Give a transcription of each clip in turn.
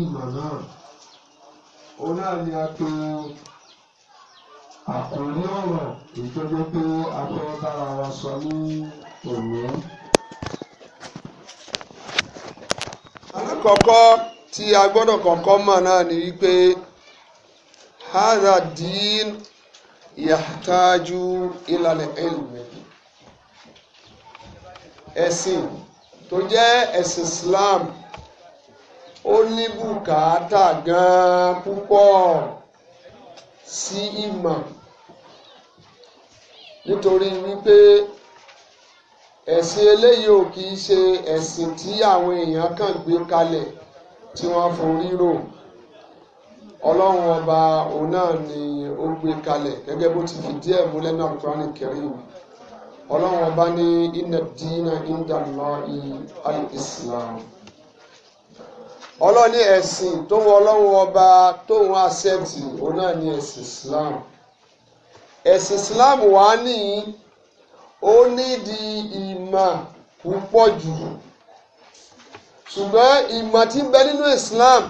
ìmọ̀ náà òun náà ni a pe àkòrí ọ̀rọ̀ ìjọba pé a fẹ́ bára wa sọ ní òní. alákọ̀ọ́kọ́ tí a gbọ́dọ̀ kọ́kọ́ mọ̀ náà ni wípé hadha din yahtaju ila al-ilm ẹ̀sìn tó jẹ́ ẹ̀sìn Islam ó ní bùkátà gan-an púpọ̀ sí ìmọ̀ nítorí wípé ẹ̀sìn eléyìí ò kì í ṣe ẹ̀sìn tí àwọn èèyàn kàn gbé kalẹ̀ tí wọ́n forí rò ọlọ́run ọba òun náà ni ó gbé kalẹ̀ gẹ́gẹ́ bó ti fìdí ẹ̀ múlẹ̀ náà kúránì kẹrin ọlọ́run ọba ní inna dina inda islam ọlọ́run ní ẹ̀sìn tóun ọlọ́run ọba tóun accept òun náà ní ẹ̀sìn Islam ẹ̀sìn Islam wà ní ó nídìí ìmọ̀ púpọ̀ jù ṣùgbọ́n ìmọ̀ tí ń bẹ nínú Islam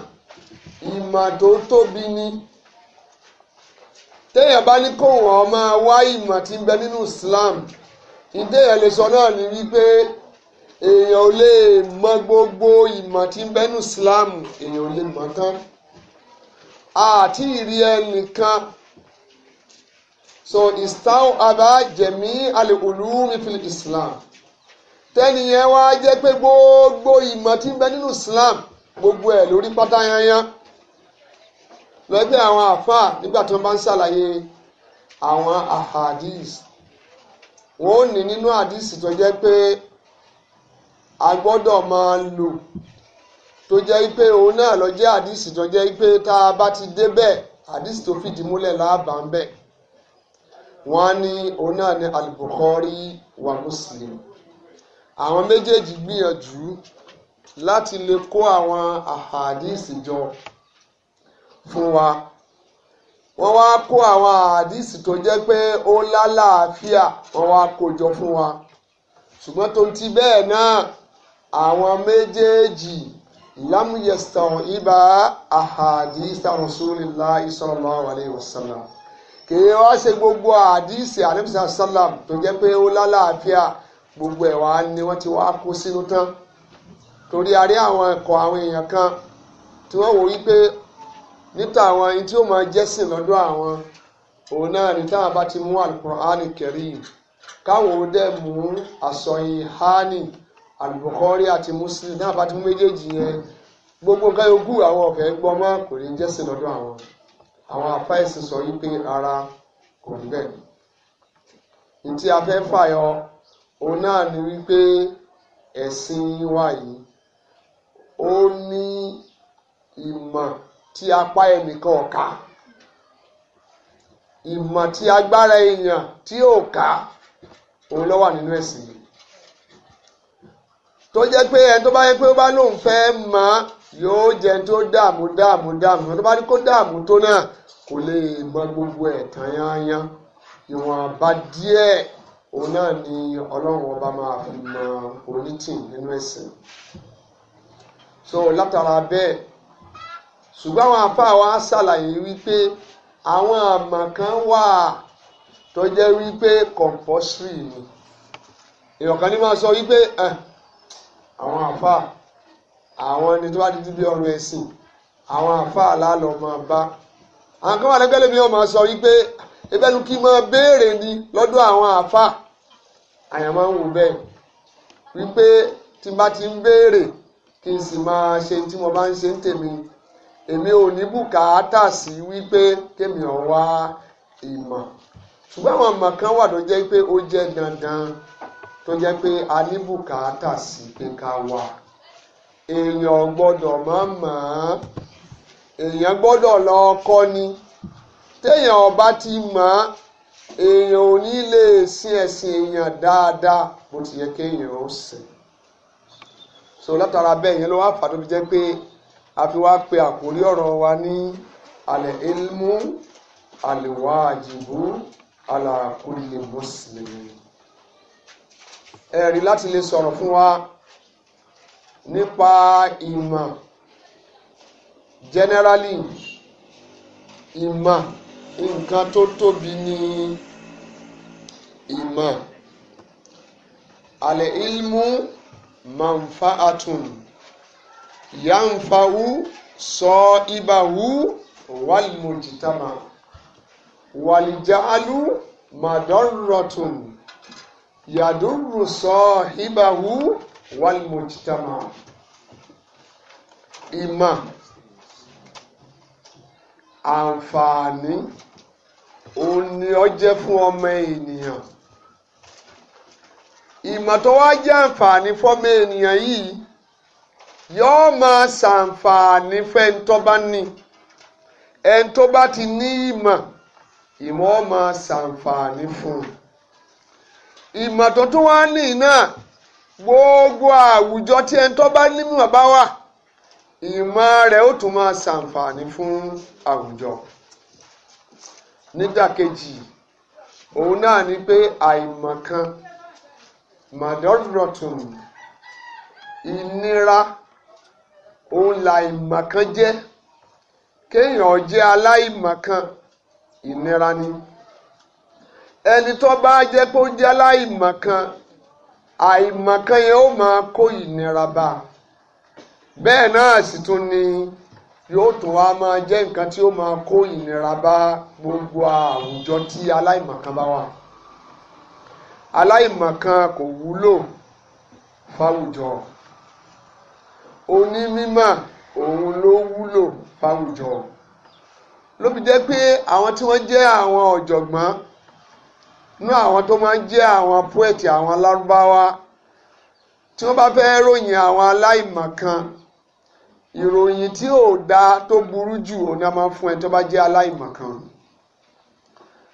ìmọ̀ tó tóbi ni téèyàn bá ní kóun ó máa wá ìmọ̀ tí ń bẹ nínú Islam ìdéyàn lè sọ náà ní wípé èèyàn ò lè mọ gbogbo ìmọ̀ tí ń bẹ́nu síláàmù èèyàn ò lè mọ̀ tán àti ìrí ẹnìkan so ìsáwọ àbá jẹmí al-ulumi fil islam tẹnìyẹn wá jẹ́ pé gbogbo ìmọ̀ tí ń bẹ nínú islam gbogbo ẹ̀ lórí pátá yanyan lọ́gbẹ́ àwọn àfáà nígbà tí wọ́n bá ń ṣàlàyé àwọn ahadis wọ́n ò ní nínú àdìsí tó jẹ́ pé a gbọ́dọ̀ máa lò tó jẹ́ pé òun náà lọ jẹ́ àdìsí tó jẹ́ pé tá a bá ti débẹ̀ àdìsí tó fìdí múlẹ̀ láàbà ń bẹ̀ wọ́n ní òun náà ní al wa Muslim àwọn méjèèjì gbìyànjú láti lè kó àwọn àhàdìsí jọ fún wa wọ́n wá kó àwọn àdìsí tó jẹ́ pé ó lálàáfíà wọ́n wá kó jọ fún wa ṣùgbọ́n tó ti bẹ́ẹ̀ náà àwọn méjèèjì lámúyẹsàn ibà àhàdìsà rasulillahi sallallahu alayhi wa sallam kìí wá ṣe gbogbo àdìsí àdìsí sálàm tó jẹ́ pé ó lálàáfíà gbogbo ẹ̀ wá ni wọ́n ti wá kó sínú tán torí a rí àwọn ẹ̀kọ́ àwọn èèyàn kan tí wọ́n wò wípé níta àwọn ẹni tí ó máa jẹ́sìn lọ́dọ̀ àwọn òun náà ní táwọn bá ti mú Al-Qur'ani Karim káwọn ó dẹ̀ mú àsọyìn hánì àlùbọ̀kọ́rí àti muslim náà bá ti mú méjèèjì yẹn gbogbo nǹkan yòókù àwọn ọ̀kẹ́ gbọ́ mọ́ kò ní jẹ́sìn lọ́dọ̀ àwọn àwọn afáìsì sọ yí pé ara kò rí bẹ́ẹ̀. ntí a fẹ́ fàyọ òun náà ni wípé ẹ̀sìn wa yìí ó ní ìmọ̀ tí apá ẹnìkan ọ̀ka ìmọ̀ tí agbára èèyàn tí ò ká òun ló nínú ẹ̀sìn yìí tó jẹ́ pé ẹni tó bá yẹ pé ó bá lóun fẹ́ mọ̀ yóò jẹ tó dààmú dààmú dààmú tó bá ní kó dààmú tó náà kò lè mọ̀ gbogbo ẹ̀ tán yányán ìwọ̀nba díẹ̀ òun náà ni ọlọ́run ọba máa fi mọ̀ onítìn nínú ẹ̀sìn so látara bẹ́ẹ̀ ṣùgbọ́n àwọn àfáà wa ṣàlàyé wípé àwọn àmọ̀ kan wà tó jẹ́ wípé compulsory ni èèyàn kan ní máa sọ wípé àwọn àfa àwọn ẹni tó bá ti dídí ọrùn ẹ̀sìn àwọn àfa àlálọ́ máa bá àwọn kan wà lẹ́gbẹ̀lẹ́ mi wọ́n máa sọ wípé ebẹ́nu kí máa béèrè ni lọ́dọ̀ àwọn àfa àyàn máa ń wò bẹ́ẹ̀ wípé tí n bá ti ń béèrè kí n sì máa ṣe tí mo bá ń ṣe ń tèmi èmi ò ní bùkátà sí wípé kémi ọ̀ wá ìmọ̀ ṣùgbọ́n àwọn ìmọ̀ kan wà tó jẹ́ pé ó jẹ́ dandan tó jẹ́ pé a ní bùkátà sí pé ká wà èèyàn gbọ́dọ̀ má mọ̀ ọ́n èèyàn gbọ́dọ̀ lọ kọ́ ni téèyàn ọba ti mọ̀ ọ́n èèyàn ò ní lè sin ẹ̀sìn èèyàn dáadáa bó ti yẹ kéèyàn ó sìn so látara bẹ́ẹ̀ yẹn ló wá fà tó fi jẹ́ pé a fi wá pe àkórí ọ̀rọ̀ wa ní alẹ́ ilmu alẹ́ wájibu ala kulli muslimin ẹ̀rí láti lè sọ̀rọ̀ fún wa nípa ìmọ̀ generally ìmọ̀ nǹkan tó tóbi ni ìmọ̀ alẹ́ ilmu manfaatun yanfa'u sọ ibahu walmujtama walijalu madarratun yàdúrú sọ́híbàwú wàlmùjítàmà ìmọ̀ àǹfààní òun ni ó jẹ́ fún ọmọ ènìyàn ìmọ̀ tó wá jẹ́ àǹfààní fọ́mọ ènìyàn yìí yóò máa ṣàǹfààní fẹ́ni tó bá ní ẹni tó bá ti ní ìmọ̀ ìmọ̀ ó máa ṣàǹfààní fún un. ìmọ̀ tó tún wá ní náà gbogbo àwùjọ tí ẹni tó bá nímọ̀ bá wà ìmọ̀ rẹ̀ ó tún máa ṣàǹfààní fún àwùjọ kejì òun náà ni pé àìmọ̀kan màdọ́rọ̀tún ìnira òun làìmọ̀kan jẹ́ kéèyàn jẹ́ aláìmọ̀kan ìnira ni. ẹni tó bá jẹ́ pé ó jẹ́ aláìmọ̀kan àìmọ̀kan yẹn ó máa kó ìnira bá a bẹ́ẹ̀ náà sì tún ni yóò tó wá máa jẹ́ nǹkan tí ó máa kó ìnira bá gbogbo àwùjọ tí aláìmọ̀kan bá wà aláìmọ̀kan kò wúlò fáwùjọ onímímọ̀ òun ló wúlò fáwùjọ ló fi jẹ́ pé àwọn tí wọ́n jẹ́ àwọn ọ̀jọ̀gbọ́n ní àwọn tó máa ń jẹ́ àwọn poẹ̀tì àwọn alárúbáwá tí wọ́n bá fẹ́ ròyìn àwọn aláìmọ̀kan ìròyìn tí ò dáa tó burú jù òun náà máa ń fún ẹ tó bá jẹ́ aláìmọ̀kan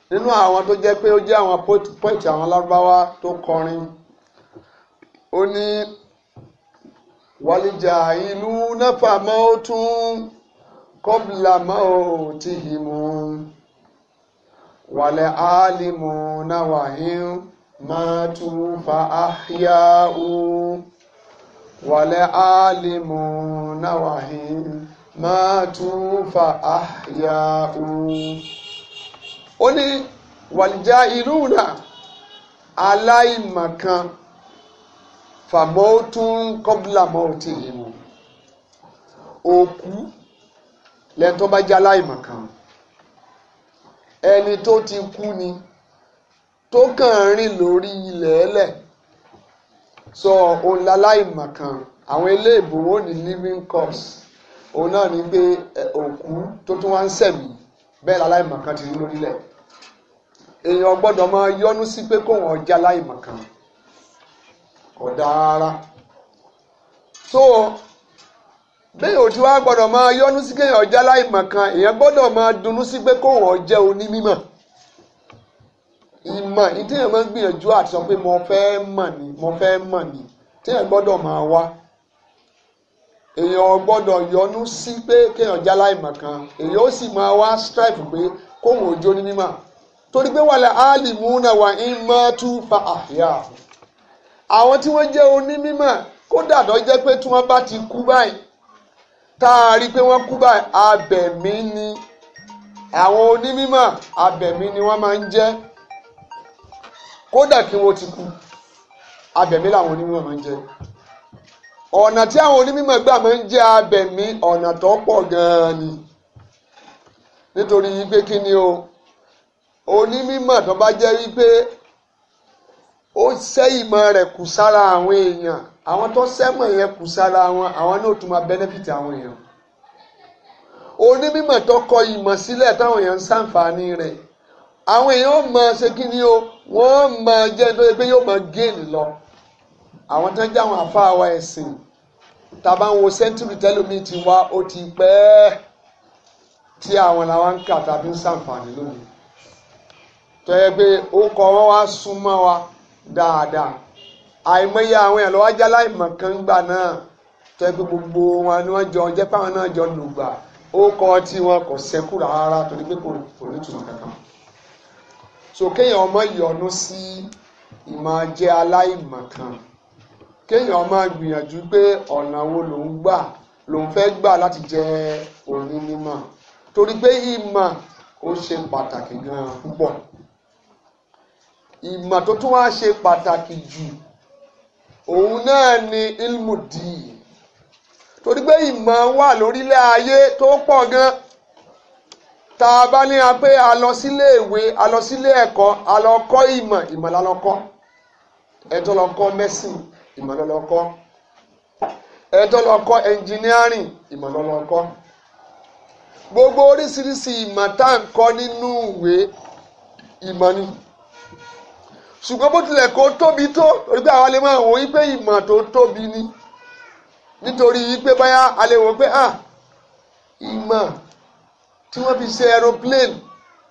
nínú àwọn tó jẹ́ pé ó jẹ́ àwọn poẹ̀tì àwọn alárúbáwá tó kọrin ó ní wàlíjà ìlú náfà mọ́ ó tún kọ́bìlà mọ́ ó tìhìmù wàlẹ̀ áálímù náà wà hín máa tún fa áhíyá O wàlẹ̀ áálímù náà wà máa tún fa áhíyá ó. ó ní wàlìjà ìlú náà aláìmọ̀kan fàmọ́tún kọ́bùlà mọ́ọ̀tì yìí òkú lẹ́yìn tó bá jẹ́ aláìmọ̀kan ẹni tó ti kú ni tó kàn ń rìn lórí ilẹ̀ ẹlẹ̀ sọ òun láláìmọ̀kan àwọn eléèbó wọn ní living corpse òun náà ní gbé òkú tó tún wá ń sẹ̀mí bẹ́ẹ̀ láláìmọ̀kan ti rí lórílẹ̀ èèyàn gbọ́dọ̀ máa yọnu sí pé kóun ọjà láìmọ̀kan ọ̀daràn so bẹ́ẹ̀ ò tí wàá gbọ́dọ̀ máa yọ́nú sí kéèyàn jẹ́ aláìmọ̀ kan èèyàn gbọ́dọ̀ máa dunnú sí pé kóhùn ọ jẹ́ ìmọ̀ ní máa ń gbìyànjú àti sọ pé mo fẹ́ mọ̀ ni mo fẹ́ mọ̀ ni téèyàn gbọ́dọ̀ máa wá èèyàn gbọ́dọ̀ yọ́nú sí pé kéèyàn jẹ́ aláìmọ̀ kan èèyàn ó sì máa wá strive pé kóhùn ojú onímímọ̀ torí pé wàlẹ̀ alimuna wà ń mọ́ tú fa àhíyà àwọn tí wọ́n jẹ́ onímímọ̀ kódà tó pé tí wọ́n bá ti kú báyìí taari pe wọn kú báyìí abẹ̀mí ni àwọn onímọ̀ abẹ̀mí ni wọ́n máa ń kódà kí ti kú abẹ̀mí làwọn onímọ̀ máa ń jẹ́ ọ̀nà tí àwọn gbà máa ń ọ̀nà tó pọ̀ gan ni nítorí wípé kí ni o onímọ̀ tó bá jẹ́ wípé ó rẹ̀ kù sára àwọn èèyàn àwọn tó sẹ́mọ̀ yẹn kù sára wọn àwọn náà tún máa benefit àwọn èèyàn onímọ̀ tó kọ ìmọ̀ sílẹ̀ táwọn èèyàn ń sàǹfààní rẹ̀ àwọn èèyàn ó mọ ṣe kí ni o wọ́n mọ jẹ́ tó yẹ pé yóò mọ géèlì lọ àwọn tó ń jẹ́ àwọn àfáàwọ̀ ẹ̀sìn tàbá ń wo sẹ́ńtúrì tẹ́lómi ti wá ó ti pẹ́ tí àwọn làwọn ń kà tàbí ń sàǹfààní lónìí tó yẹ pé ó kọ wọn wá súnmọ́ wa dáadáa àìmọye àwọn èèyàn lọ́wọ́ ajá láìmọ̀ kan gbà náà tó yẹ pé gbogbo wọn ni wọ́n jọ jẹ́ páwọn náà jọ lùgbà ó kọ́ tí wọn kò sẹ́kù rárá torí pé kò ní túmọ̀ kankan. so kéèyàn ọmọ yọnu sí ìmọ̀ jẹ́ aláìmọ̀ kan kéèyàn ọmọ gbìyànjú pé ọ̀nà wo lòún gbà lòún fẹ́ gbà láti jẹ́ òní mímọ̀ torí pé ìmọ̀ ó ṣe pàtàkì gan-an púpọ̀ ìmọ̀ tó tún wá ṣe pàtàkì jù òun náà ni ilmu dìí torí pé ìmọ̀ wà lórílẹ̀ ayé tó pọ̀ gan tá a bá ní a pé a lọ sílé ìwé a lọ sílé ẹ̀kọ́ a lọ kọ́ ìmọ̀ ìmọ̀ la lọ kọ́ ẹ̀tọ́ lọ kọ́ mẹ́sìn ìmọ̀ lọ lọ kọ́ ẹ̀tọ́ lọ kọ́ ẹnjìnírìn ìmọ̀ lọ lọ kọ́ gbogbo oríṣiríṣi ìmọ̀ tá à ń kọ́ nínú ìwé ìmọ̀ ni ṣùgbọ́n bó tilẹ̀ kó tóbi tó torí pé àwa lè máa wò wípé ìmọ̀ tó tóbi ni nítorí wípé báyà a lè wò pé ah ìmọ̀ tí wọ́n fi ṣe aeroplane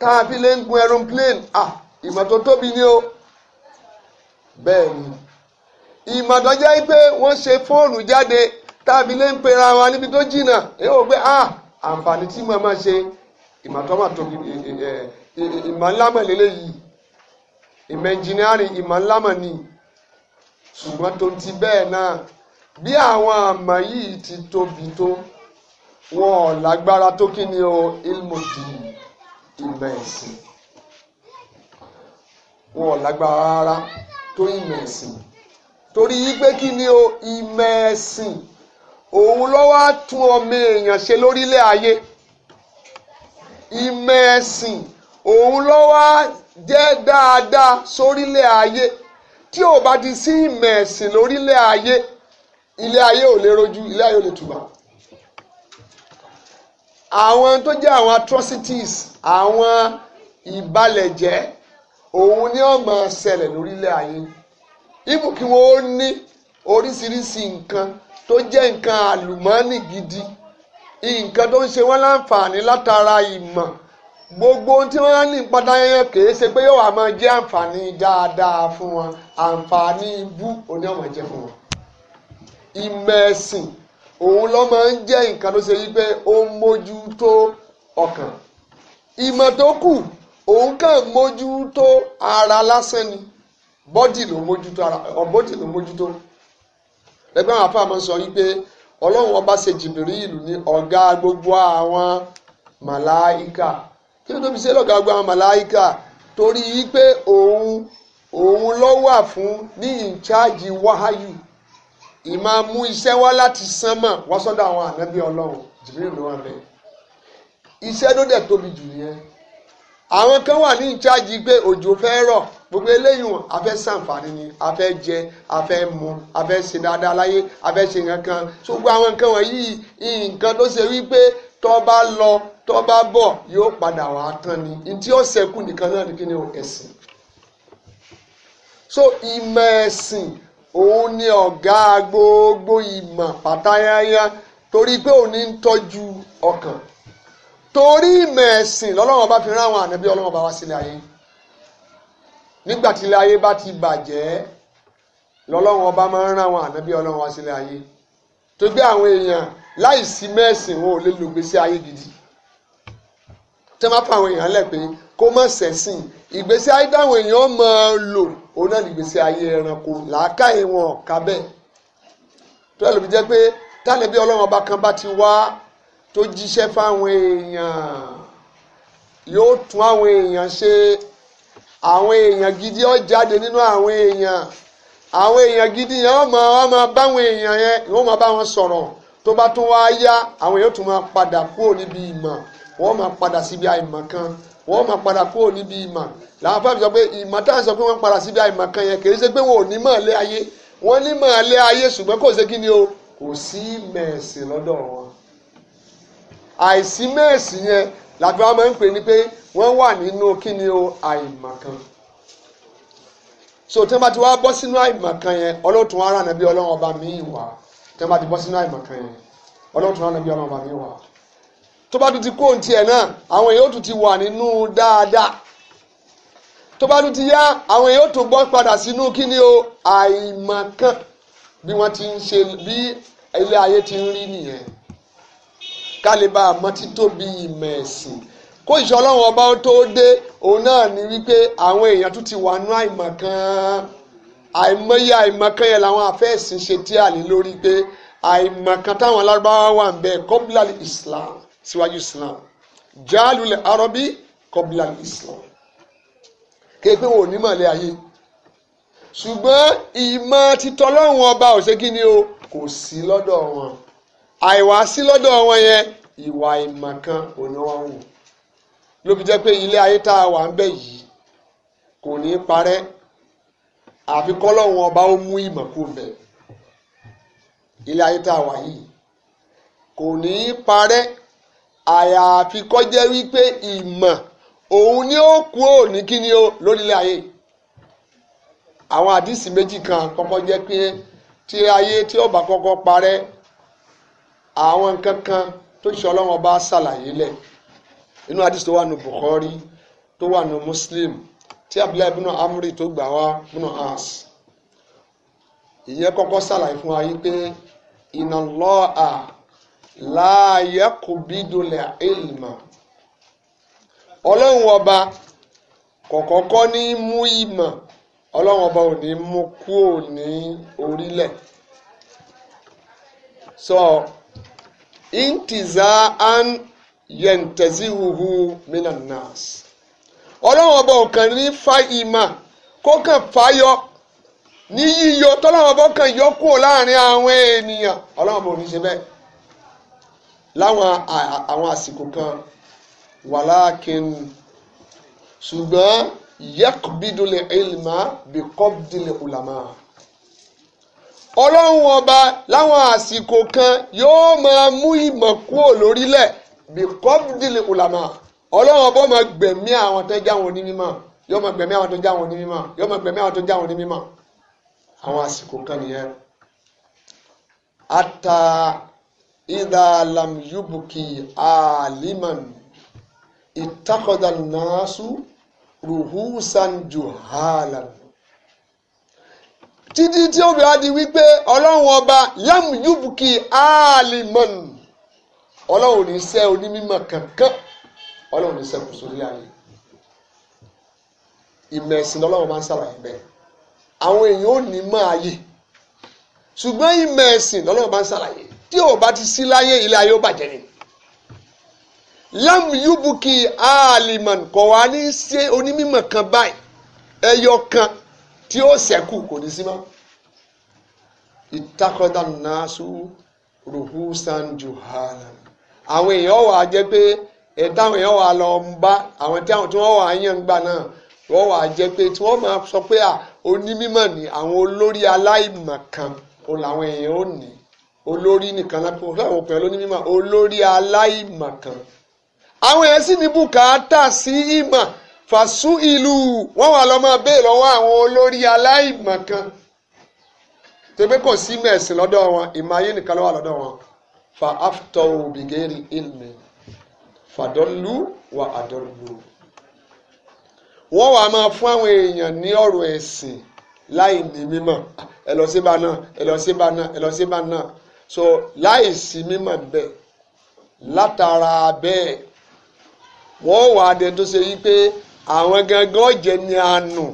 tá a fi lè ń gun aeroplane ah ìmọ̀ tó tóbi ni o bẹ́ẹ̀ ni ìmọ̀ tó jẹ́ wípé wọ́n ṣe fóònù jáde tá a fi lè ń pera wa níbi tó jìnnà èyí wò pé ah àǹfààní tí mo máa ṣe ìmọ̀ tó máa tóbi ìmọ̀ ńlá mọ̀ lélẹ́yìí ìmọ̀ ẹnjìnírìn ìmọ̀ ńlá mọ̀ ni ṣùgbọ́n tó ti bẹ́ẹ̀ náà bí àwọn àmọ̀ yìí ti tóbi tó wọn ò lágbára tó kí ni o ilmodi ìmọ̀ ẹ̀sìn wọn ò lágbára rárá tó ìmọ̀ ẹ̀sìn torí pé kí ni o ìmọ̀ ẹ̀sìn òun ló wá tún ọmọ èèyàn ṣe lórílẹ̀ ayé ìmọ̀ ẹ̀sìn òun ló wá jẹ́ dáadáa sórílẹ̀ ayé tí ò bá ti sí ìmọ̀ ẹ̀sìn lórílẹ̀ ayé ilé ayé ò lè rojú ilé ayé ò lè túbà. àwọn tó jẹ́ àwọn atrocities àwọn ìbalẹ̀jẹ́ òun ni ó máa ṣẹlẹ̀ lórílẹ̀ ayé ibù kí wọ́n ó ní oríṣiríṣi nǹkan tó jẹ́ nǹkan àlùmọ́ọ́nì gidi nǹkan tó ń ṣe wọ́n láǹfààní látara ìmọ̀. gbogbo ohun tí wọ́n ní padà yẹn kìí ṣe pé yóò wá máa jẹ́ àǹfààní dáadáa fún wọn àǹfààní bú òní ọmọ jẹ fún wọn. ìmọ̀ òun ló máa ń jẹ́ nǹkan tó ọkàn. ìmọ̀ tó kù ara lásán ni bọ́dì ló mójútó ara ló mójútó. ẹgbẹ́ ọba ṣe jìbìrì ìlú gbogbo àwọn màláìka kí ló tó fi ṣe lọ́gàá gbogbo àwọn màláìkà torí wípé òun òun ló wà fún ní ìncháàjì wáháyù ìmá mú iṣẹ́ wá láti sánmà wá sọ́dọ̀ àwọn ànábì ọlọ́run jìbìrì ló wà bẹ́ẹ̀ iṣẹ́ ló dẹ̀ tóbi jù yẹn àwọn kan wà ní ìncháàjì pé òjò fẹ́ rọ̀ gbogbo eléyìí wọn a fẹ́ ṣàǹfààní ni a fẹ́ jẹ a fẹ́ mu a fẹ́ ṣe dáadáa láyé a fẹ́ ṣe nǹkan kan so àwọn nǹkan wọ̀nyí nǹkan tó ṣe wípé tó bá lọ tó bá bọ̀ yóò padà wá tán ni ntí ó ṣẹ́kù nìkan náà ni kí ni ẹ̀sìn so ìmọ̀ ẹ̀sìn òun ni ọ̀gá gbogbo ìmọ̀ pátáyáyá torí pé òun ní ń tọ́jú ọkàn torí ìmọ̀ ẹ̀sìn lọ́lọ́wọ́n bá fi rán àwọn ànábí ọlọ́wọ́n bá wá sílẹ̀ ayé nígbà tí ayé bá ti bàjẹ́ lọ́lọ́wọ́n bá máa ń rán àwọn ànábí ọlọ́wọ́n wá sílẹ̀ ayé tó gbé àwọn èèyàn láì sí mẹ́sìn wọn ò lè lògbèsè ayé gidi tí wọ́n bá pa àwọn èèyàn lẹ̀ pé kó mọ̀ sẹ́sìn ìgbésí ayé táwọn èèyàn máa lò òun náà ìgbésí ayé ẹranko làákàyè wọn ọ̀ka bẹ́ẹ̀ tó yẹ ló fi jẹ́ pé tálẹ́bí ọlọ́run ọba kan bá ti wá tó jíṣẹ́ fáwọn èèyàn yóò tún àwọn èèyàn ṣe àwọn èèyàn gidi ó jáde nínú àwọn èèyàn àwọn èèyàn gidi yẹn wọ́n máa wọ́n máa báwọn èèyàn yẹn wọ́n máa bá wọn sọ̀rọ̀ tó bá tún wá yá àwọn èèyàn tún máa padà kúrò níbi ìmọ̀ wọ́n máa padà síbi àìmọ̀ kan wọ́n máa padà kúrò níbi ìmọ̀ làwọn fáwọn sọ pé ìmọ̀ táwọn sọ pé wọ́n padà síbi àìmọ̀ kan yẹn kìí ṣe pé wọn ò ní mọ̀ lé ayé wọ́n ní mọ̀ lé ayé ṣùgbọ́n kò ṣe kí ni o kò sí mẹ̀ẹ̀sì lọ́dọ̀ wọn àìsí mẹ̀ẹ̀sì yẹn làbí wọn máa ń pè ní pé wọ́n wà nínú kí ni o àìmọ̀ kan so tí wọ́n bá ti wá bọ́ sínú àìmọ̀ kan yẹn ọlọ́tún ara nàbí ọlọ́run ọba mi wà tí wọ́n bá ti bọ́ sínú àìmọ̀ kan yẹn ọlọ́tún ara nàbí ọlọ́run ọba mi wà tó bá tún ti kó ohun tiẹ̀ náà àwọn èèyàn ó tún ti wà nínú dáadáa tó bá tún ti yá àwọn èèyàn ó tún gbọ́ padà sínú kí ni o àìmọ̀kan bí wọ́n ti ń ṣe bí ilé ayé ti ń rí nìyẹn ká lè bá a mọ títóbi ìmọ̀ ẹ̀sìn kó ìṣọ́ ọlọ́run ọba ó tó dé òun náà ni wípé àwọn èèyàn tún ti wà nú àìmọ̀kan àìmọye àìmọ̀kan yẹn làwọn afẹ́ẹ̀sìn ṣe tí a lè lórí pé àìmọ̀kan táwọn alárúbáwá wà ń bẹ kọ́bílà Islam síwájú islam jaalulẹ̀ arọ́bí kọ́bílà islam kéèpé wo ní màlẹ́ ayé ṣùgbọ́n ìmọ̀ títọ́ lọ́rùn ọba ò ni o kò sí lọ́dọ̀ wọn àìwá sí lọ́dọ̀ wọn yẹn ìwà ìmọ̀kan òní wọn wò ló fi jẹ́ pé ilé ayé tá a wà ń bẹ̀ yìí kò ní parẹ́ àfi kọ́lọ́hún ọba ó mú ìmọ̀ kó bẹ̀ ilé ayé tá a wà yìí kò ní parẹ́ àyàfi kọjẹ́ wípé ìmọ̀ òun ni ó kú ò ní kíni o lórílẹ̀ ayé àwọn àdìsí méjì kan kọ́kọ́ jẹ́ pé tí ayé tí ó bá kọ́kọ́ parẹ́ àwọn nǹkan kan tó ṣe ọlọ́run ọba ṣàlàyé lẹ̀ inú àdìsí tó wà nù Bukhari tó wà nù Muslim tí Abdullahi ibùnà Amri tó gbà wá ibùnà As ìyẹn kọ́kọ́ ṣàlàyé fún wa yìí pé inna Allah láàyè kò bídùlẹ̀ ìlmà ọlọ́run ọba kọ̀kọ́kọ́ ní mú ìmọ̀ ọlọ́run ọba ò ní mú kúrò ní orílẹ̀ sọ intiza an yẹntẹ̀síhuhu minanas ọlọ́run ọba ò kàn ní fa ìmọ̀ kó kàn fáyọ ní yíyọ tọ́lọ́run ọba kàn yọ kúrò láàrin àwọn ènìyàn ọlọ́run ọba ò ní ṣe bẹ́ẹ̀ láwọn àwọn àsìkò kan wàlákin ṣùgbọ́n yẹ́kùbídùlé ilmà bíkọ́bídùlé ulama ọlọ́run ọba láwọn àsìkò kan yóò máa mú ìmọ̀ kúrò lórílẹ̀ bíkọ́bídùlé ulama ọlọ́run ọba máa gbẹ̀mí àwọn tó jáwọn onímọ̀ yóò máa gbẹ̀mí àwọn tó jáwọn onímọ̀ yóò máa gbẹ̀mí àwọn tó jáwọn onímọ̀ àwọn àsìkò kan nìyẹn ata ìdá lam yubuki aliman ìtàkọ̀dà nàásù ruhusan juhalan títí tí ó fi á di wípé ọlọ́run ọba yam yubuki aliman ọlọ́run ní sẹ́ onímọ̀ kankan ọlọ́run ní sẹ́ kò sórí ayé ìmọ̀ ẹ̀sìn lọ́lọ́run máa ń ṣàlàyé bẹ́ẹ̀ àwọn èèyàn ò ní mọ̀ ayé ṣùgbọ́n ìmọ̀ ẹ̀sìn lọ́lọ́run máa ń ṣàlàyé tí ò bá ti sí láyé ilé ayé ó bàjẹ́ ni lam yubuki aliman kò wá ní ṣe onímọ̀ kan báyìí ẹyọ kan tí ó ṣẹ́kù kò ní sí mọ́ ìtakọ̀dà nàásù ruhusan juhala àwọn èèyàn wà á jẹ́ pé ẹ̀dáwọn èèyàn wà á lọ ń bá àwọn tí àwọn tí wọ́n wà á yàn gbà náà wọ́n wà á jẹ́ pé tí wọ́n máa sọ pé à onímọ̀ ni àwọn olórí aláìmọ̀kan òun làwọn èèyàn ò ní olórí nìkan lápò láwọn ọkùnrin lóní mímọ̀ olórí aláìmọ̀kan àwọn yẹn sì ní bùkátà sí ìmọ̀ fàṣù ìlú wọn wà lọ máa bẹ́ẹ̀ lọ́wọ́ àwọn olórí aláìmọ̀kan tó pé kò sí mẹ̀sìn lọ́dọ̀ wọn ìmọ̀ nìkan ló wà wọn fa aftọ̀ bìgẹ́rì ilmi fàdọ́lù wà àdọ́lù wọ́n wàá máa fún àwọn èèyàn ní ọ̀rọ̀ ẹ̀sìn láì ní mímọ̀ ẹ lọ sí bá náà ẹ lọ sí bá náà ẹ lọ sí bá náà so láì sí mímọ̀ bẹ́ẹ̀ látara bẹ́ẹ̀ wọ́n wà á dẹni tó ṣe yí pé àwọn gangan jẹ́ ní àánú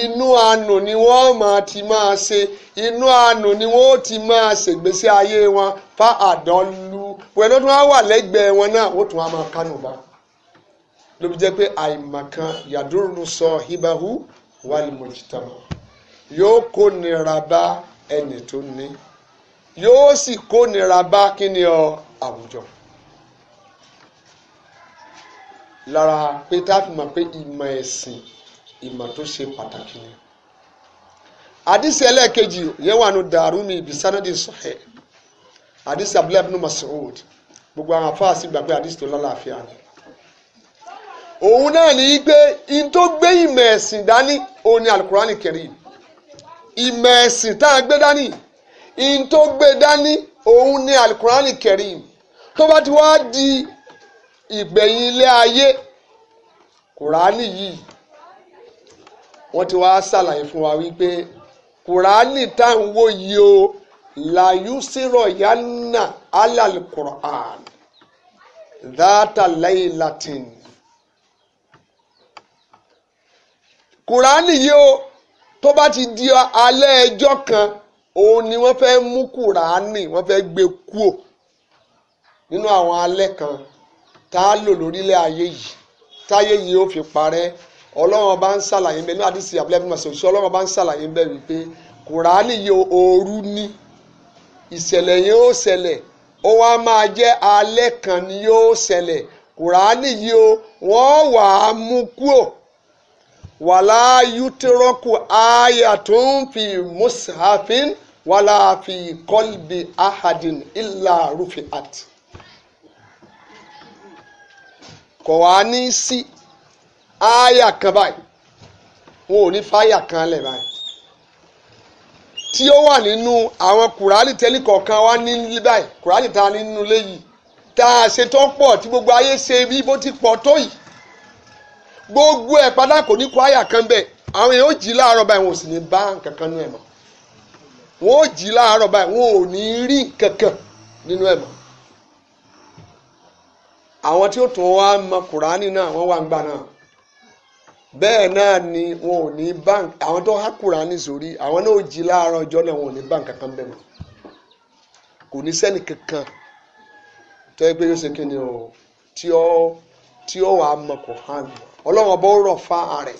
inú àánú ni wọ́n máa ti máa ṣe inú àánú ni wọ́n ti máa ṣègbésí ayé wọn fa àdánlú pẹ̀lú tó wá wà lẹ́gbẹ̀ẹ́ wọn náà ó tún wá máa kánú bá ló fi jẹ́ pé àìmọ̀kan yàdúrú sọ hibahu wàlúmọ̀jìtàmọ̀ yóò kó nira bá ẹni tó ní yóò sì kó bá kíni ọ àwùjọ. lára pé tá pé ìmọ̀ ẹ̀sìn ìmọ̀ tó ṣe pàtàkì ni. àdìsí ẹlẹ́ẹ̀kejì yẹn wà nù dàrúmi ibisanadi sọ̀hẹ́ àdìsí abúlé ibn Mas'ud gbogbo àwọn afáàsì gbà pé àdìsí tó lálàáfíà ni òun náà ní pé in tó gbé ìmọ̀ ẹ̀sìn dání òun ni alukurani kẹrin ìmọ̀ ẹ̀sìn tá a gbé dání in tó gbé dání òun ni alukurani Karim tó bá ti wá di ìgbẹ̀yìn ilé ayé kùránì yìí wọ́n ti wá ṣàlàyé fún wa wípé kùránì tá à ń wò yìí o làyùsírọ̀ yánà alàlùkùránì dáàtà lẹ́yìn latin. kùránì yìí o tó bá ti di alẹ́ ẹjọ́ kan òun ni wọ́n fẹ́ mú wọ́n fẹ́ gbé kúò nínú àwọn alẹ́ kan tá a lò lórílẹ̀ ayé yìí táyé yìí ó fi parẹ́ ọlọ́run bá ń ṣàlàyé bẹ́ẹ̀ ní àdìsí abúlẹ́bí màṣẹ òṣìṣẹ́ ọlọ́run bá ń ṣàlàyé bẹ́ẹ̀ wípé yìí ooru ní ìṣẹ̀lẹ̀ yẹn ó ṣẹlẹ̀ ó wá máa jẹ́ alẹ́ kan ni yóò ṣẹlẹ̀ kùránì yìí ó wọ́n wàá mú kúò wàlá yútírọ́kù àyà tó ń fi mushafin wàlá fi kọ́lbi ahadin illa rufiat. kò wá ní sí àyà kan báyìí wọn ò ní fáyà kan lẹ̀ báyìí tí ó wà nínú àwọn kùrálì tẹ́lẹ̀ kọ̀ọ̀kan wá ní báyìí kùrálì ta nínú léyìí tá a ṣe tó pọ̀ tí gbogbo ayé ṣe bí bó ti pọ̀ tó yìí gbogbo ẹ padà kò ní kó àyà kan bẹ́ẹ̀ àwọn èèyàn ó jí láàárọ̀ báyìí wọn ò sì ní bá nǹkan kan nú ẹ̀ mọ́ wọn ó jí láàárọ̀ báyìí wọn ò ní rí nǹkan kan nínú ẹ mọ àwọn tí ó tún wá mọ kùránì náà wọn wá ń gbà náà bẹẹ náà ni wọn ò ní bá àwọn tó há kùránì sórí àwọn náà ó jí láàárọ̀ ọjọ́ náà wọn ò ní bá nǹkan kan bẹ́ẹ̀ mọ kò ní sẹ́ni kankan tó yẹ pé yóò ṣe kí ni o tí ó tí ó wàá mọ kùránì lọ. ọlọ́run ọba ó rọ̀ fa àrẹ̀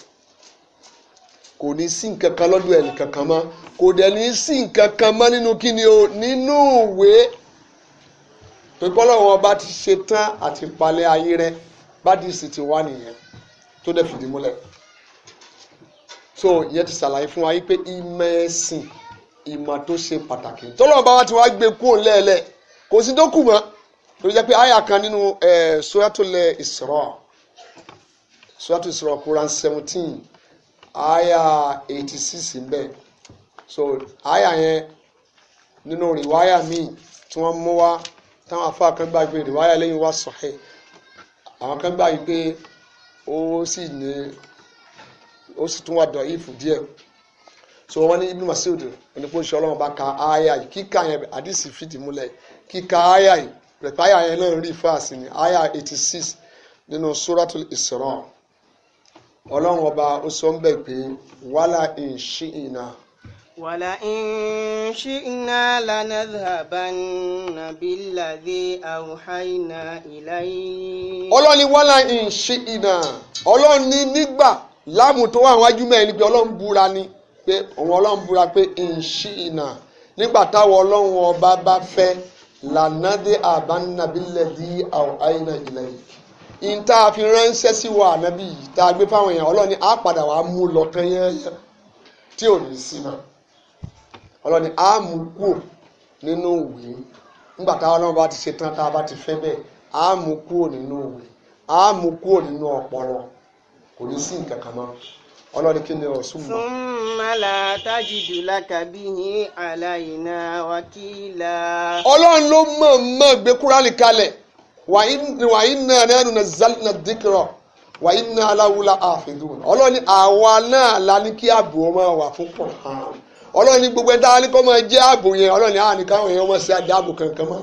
kò ní sí nǹkan kan lọ́dún ẹnì kankan mọ́ kò dẹ̀ ní sí nǹkan kan mọ́ nínú kíni o nínú ìwé pípọ́ ọlọ́run ọba ti ṣe tán àti palẹ̀ ayé rẹ bádìsì ti wá nìyẹn tó dẹ̀ fìdí múlẹ̀ so ìyẹn ti ṣàlàyé fún wa yí pé ìmọ̀ ẹ̀sìn ìmọ̀ tó ṣe pàtàkì tọ́lọ́run bá wa ti wá gbé kúrò lẹ́ẹ̀lẹ́ kò sí tó kù jẹ́ pé àyà kan nínú ẹ̀ eh, suratul Isra sọ́tù sọ̀rọ̀ Quran seventeen aya eighty six ńbẹ so aya yẹn nínú rìwáyà míì tí wọ́n mú wá táwọn afá kan gbà pé rìwáyà lẹ́yìn wá sọ̀hẹ́ àwọn kan gbà pé ó sì ní ó sì tún wà dọ̀ ìfù díẹ̀ so wọ́n ní Ibn Mas'ud onípòsí ọlọ́run bá ka aya yìí kíkà yẹn àdìsí fìdí múlẹ̀ kíkà aya yìí pẹ̀pẹ́ aya yẹn náà rí fáàsì ní aya eighty six nínú Suratul Isra ọlọ́run ọba ó sọ ń bẹ̀ pé wàhálà ń ṣí ìnà. wàhálà ń ṣí iná lánà zahabanna bílàdé àwòháìnà ìláyé. ọlọ́ni wàhálà ń ṣí iná ọlọ́ni nígbà láàmù tó wà wájú mẹ́rin ni pé ọlọ́run búra ni pé òun ọlọ́run búra pé ń ṣí iná nígbà táwọn ọlọ́run ọba bá fẹ́ lànà dé àbánnabilẹ̀ dí àwòháìnà ìláyé n a fi ránṣẹ́ sí wa ànábì yìí tá a gbé fáwọn èèyàn ọlọ́ni á padà wàá mú lọ tí ò ní sí mọ́ ọlọ́ni á mú kúò nínú ìwé nígbà táwọn náà bá ti ṣe tán bá ti fẹ́ bẹ́ẹ̀ á mú kúò nínú ìwé á mú kúò nínú kò la tájìdù lákàbí ní àlàyé náà wákìlá. ọlọ́run ló gbé kúránì kalẹ̀ wàyí náà nẹ́nu na zalina dìkìrọ̀ wàyí náà aláwùlà àfẹ́dùn ọlọ́ni àwa náà la ní kí ààbò ọmọ wà fún Qur'an ọlọ́ni gbogbo ẹ̀dá ní kọ́ máa jẹ́ ààbò yẹn ọlọ́ni àwọn nìkan àwọn èèyàn máa ṣe àdáàbò kankan mọ́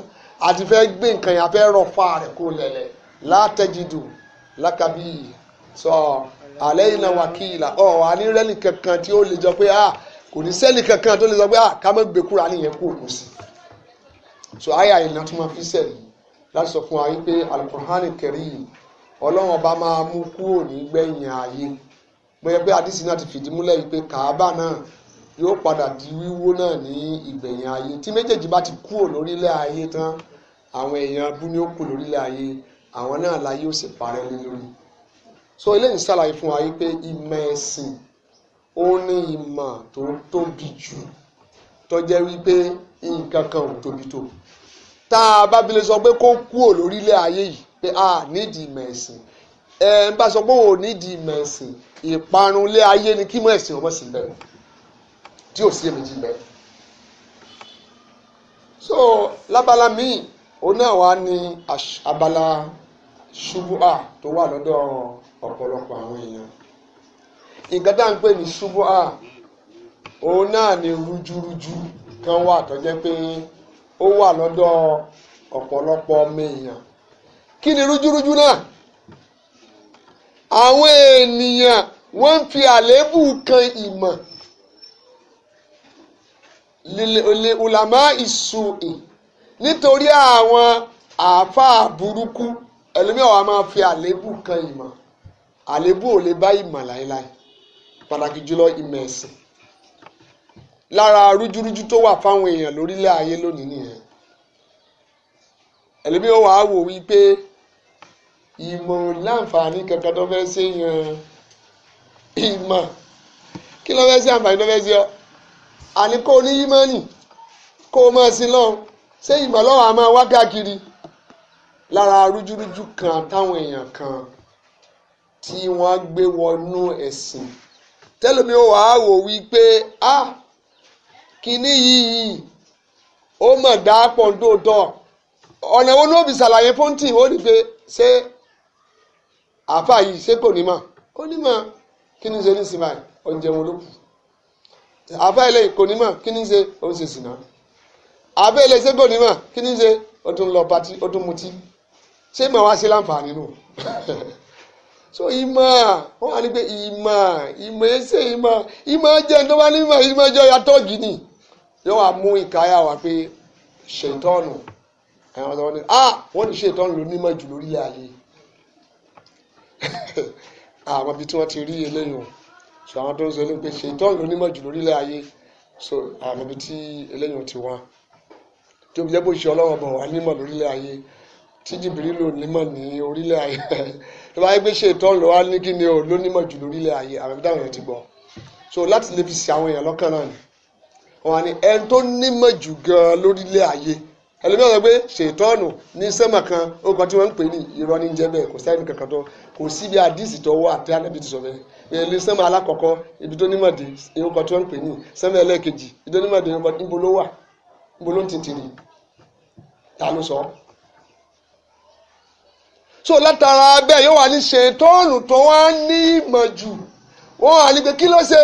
àti fẹ́ gbé nǹkan yẹn àfẹ́ rọ fa rẹ̀ kó lẹ̀lẹ̀ látẹ̀jìdù lákàbí sọ alẹ́ iná wàkìlà ọ̀ ànírẹ́lì kankan tí ó lè jọ pé ah kò ní sẹ́ẹ̀lì kankan tó lè sọ pé ah ká má gbé Kùránì yẹn kú sí so àyà ìlànà tó máa fi sẹ́ẹ̀lì láti sọ fún wa wípé alukurhani Karim ọlọ́run ọba máa mú kúrò ní gbẹ̀yìn ayé bóyá pé àdìsí náà ti fìdí múlẹ̀ wípé kàábà náà yóò padà di wíwó náà ní ìgbẹ̀yìn ayé tí méjèèjì bá ti kúrò lórílẹ̀ ayé tán àwọn èèyàn abú ni ó kù lórílẹ̀ ayé àwọn náà la yóò sì parẹ́ lórí so eléyìí ṣàlàyé fún wa wípé ìmọ̀ ẹ̀sìn ó ní ìmọ̀ tó tóbi jù tó wípé nǹkan kan ò tóbi tó tá a bá fi lè sọ pé kó kúò lórílẹ̀ ayé yìí pé a nídìí ìmọ̀ ẹ̀sìn ẹ ń bá sọ pé ò nídìí ìmọ̀ ẹ̀sìn ìparun lé ayé ni kí mọ̀ ẹ̀sìn ọmọ sí bẹ́ẹ̀ tí ò sí èméjì bẹ́ẹ̀. so lábala míì òun náà wá ní abala ṣubuha tó wà lọ́dọ̀ ọ̀pọ̀lọpọ̀ àwọn èèyàn nǹkan tá à ń pè ní ṣubuha òun náà ni rújúrújú kan wà tó jẹ́ pé ó wà lọ́dọ̀ ọ̀pọ̀lọpọ̀ ọmọ èèyàn kí ni rújúrújú náà àwọn ènìyàn wọ́n ń fi àléébù kan ìmọ̀ lè ulàmá ìsùn nítorí àwọn àáfàá burúkú ẹlòmíràn wa máa fi àléébù kan ìmọ̀ àléébù ò lè bá ìmọ̀ láéláé pàtàkì jùlọ ìmọ̀ ẹ̀sìn lára rújúrújú tó wà fáwọn èèyàn lórílẹ̀ ayé lónìí nìyẹn ẹlẹ́mi ó wàá wò wípé ìmọ̀ láǹfààní kankan tó fẹ́ ṣe yan ìmọ̀ kí ló fẹ́ ṣe àǹfààní tó fẹ́ ṣe ọ àní kó o ní yímọ́nì kó o máa sin lọ́hùn ṣé ìmọ̀ lọ́wọ́ a máa wá káàkiri lára rújúrújú kan táwọn èèyàn kan tí wọ́n gbé wọnú ẹ̀sìn tẹ́lẹ̀mí ó wàá wò wípé ah kínní yìí ó mọ̀ dáàpọ̀ ńdòdò ọ̀nà wo ló fi ṣàlàyé fóńtì ó ní pé ṣé àáfà yìí ṣé kò ní mọ̀ ó ní mọ̀ kí ni ṣe ní sinmi àyè oúnjẹ wọn ló kù àáfà eléyìí kò ní mọ̀ kí ni ṣe ó ń ṣe sìnà àáfà eléyìí ṣé kò ní mọ̀ kí ni ṣe ó tún lọ patí ó tún mutí ṣé màá wá sí láǹfààní nù so ìmọ̀ wọ́n wà ní pé ìmọ̀ ìmọ̀ ẹsẹ̀ ìmọ̀ ìmọ̀ jẹ́ ní tó bá ní ìmọ̀ ìmọ̀ jọ yàtọ̀ gidi yóò wá mú ìkáyà wá pé ṣètọ́nù ẹ̀rọ tó wọ́n ah wọ́n ní ṣètọ́nù ló nímọ̀ jù lórí ayé àwọn ibi tí wọ́n ti rí eléyìí o so àwọn tó ń sọ eléyìí pé ṣètọ́nù ló nímọ̀ jù lórí ayé so àwọn ibi tí eléyìí ti wá tí omi jẹ́ bó ṣe ọlọ́wọ́ bọ̀ wá nímọ̀ lórílẹ̀ ayé tí jìbìrì lò nímọ̀ ní orílẹ̀ ayé tó bá yẹ pé ṣètọ́nù ló wá ní kí ni o ló nímọ̀ jù lórílẹ̀ ayé àwọn ibi táwọn èèyàn ti gbọ́ so láti lè fi ṣe àwọn èèyàn lọ́kàn náà ni wọn ni ẹni tó nímọ̀ jù gan lórílẹ̀ ayé ẹlòmíràn sọ pé ṣètọ́nù ní sẹ́mà kan ó kàn tí wọ́n ń pè ní irọ́ ní jẹ́ bẹ́ẹ̀ kò sẹ́ni kankan tó kò sí bí àdìsí tó wà tí anábì ti sọ bẹ́ẹ̀ ìyẹn ní sẹ́mà alákọ̀ọ́kọ́ ibi tó nímọ̀ dé ó kàn tí wọ́n ń pè ní sẹ́mà ẹlẹ́ẹ̀kejì ibi tó nímọ̀ dé níbo ló wà níbo ló ń tìtìrì ta ló sọ. so látara bẹ́ẹ̀ yóò wà ní ṣètọ́nù tó wá ní ìmọ̀ jù wọ́n wà ní pé kí ló ṣe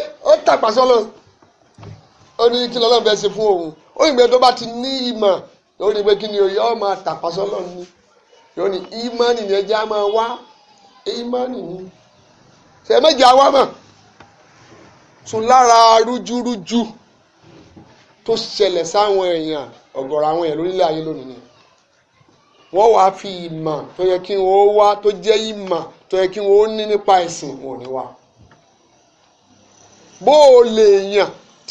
ó ní kí lọ́lọ́run fẹ́ ṣe fún dọba ti ní ìmọ̀ lórí pé kí ni o yọ máa ni yóò ní ni ẹja máa wá ni ṣe méjì àwa mọ̀ tún lára rújúrújú tó ṣẹlẹ̀ sáwọn èèyàn ọ̀gọ̀rọ̀ àwọn èèyàn lórílẹ̀ ayé lónìí ni wọ́n wàá fi ìmọ̀ tó yẹ kí wọ́n wá tó jẹ́ ìmọ̀ tó yẹ kí wọ́n ní nípa ẹ̀sìn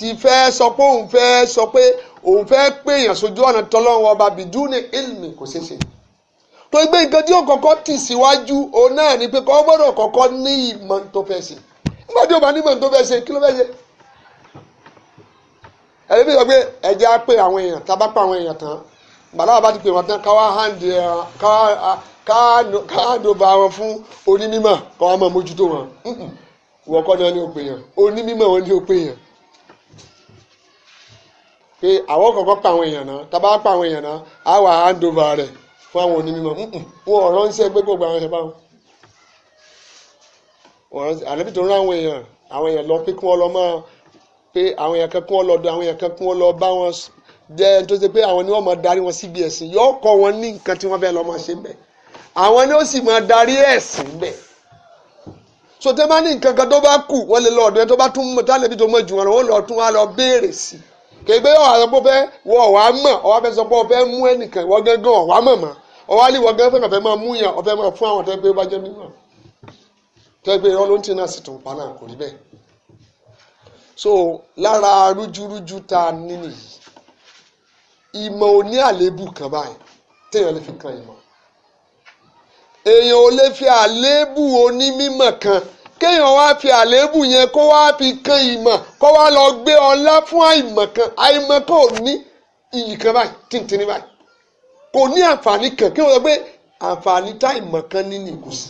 ti fẹ́ sọ pé òun fẹ́ sọ pé òun fẹ́ pé èèyàn sójú ọ̀nà tọ́lọ́run ọba bìdú ní ilmi kò ṣeé ṣe tó gbé nǹkan tí ó kọ́kọ́ tì síwájú òun náà ni pé kọ́ gbọ́dọ̀ kọ́kọ́ ní ìmọ̀ tó fẹ́ ṣe nígbà tí o bá ní ìmọ̀ tó fẹ́ ṣe kí ló fẹ́ ṣe ẹni bí sọ pé ẹjẹ á pè àwọn èèyàn tá a bá pè àwọn èèyàn tán bàbá bá ti pè wọn tán káwá hàǹdì káàdùbà wọn ni wọ́n ní ó pè yàn onímọ̀ wọn pé àwọn kọ̀ọ̀kan pa àwọn èèyàn náà tábà pa àwọn èèyàn náà á wà hand over rẹ̀ fún àwọn onímọ̀ wọn ò ránṣẹ́ pé kò gba àwọn ẹ̀ṣẹ̀ báwọn. àlẹ́bí tó ń rán àwọn èèyàn àwọn èèyàn lọ pé kí wọ́n lọ mọ́ pé àwọn èèyàn kan kí wọ́n lọ dọ̀ àwọn èèyàn kan kí wọ́n lọ bá wọn jẹ́ tó ṣe pé àwọn ni wọ́n máa darí wọn síbi ẹ̀sìn yóò kọ́ wọn ní nǹkan tí wọ́n fẹ́ lọ ṣe bẹ́ẹ̀ àwọn ni ó sì máa darí ẹ̀sìn bẹ́ẹ̀ so tẹ́ bá ní nǹkan kan tó bá kù wọ́n lè lọ ọ̀dọ̀ ẹ tó bá tún mọ̀ tálẹ́bí tó mọ̀ jù wọn lọ wọ́n tún wá lọ béèrè sí i kègbé ọ̀hà sọ pé ó fẹ́ wọ ọ̀wá mọ̀ ọ̀wá fẹ́ sọ pé ó fẹ́ mú ẹnìkan ìwọ gángan ọ̀wá mọ̀ mọ́ ọ̀wá ní ìwọ gángan fẹ́ fẹ́ máa mú yàn ọ̀fẹ́ máa fún àwọn tẹ́gbẹ́ bá jẹ́ mímọ̀ tẹ́gbẹ́ irọ́ ló ń tì náà sì tún pa náà kò rí bẹ́ẹ̀. so lára rújúrújú tá a ní nìyí ìmọ̀ ò ní àléébù kan báyìí téèyàn lè fi kan ìmọ̀ èèyàn ò lè fi àléébù onímímọ̀ kan kéèyàn wá fi àléébù yẹn kó wá fi kan ìmọ̀ kó wá lọ gbé ọlá fún àìmọ̀ kan àìmọ̀ kan ò ní iyì kan báyìí tíntìní báyìí kò ní àǹfààní kan kí wọ́n sọ pé àǹfààní tá ìmọ̀ kan ní ní ìkùsì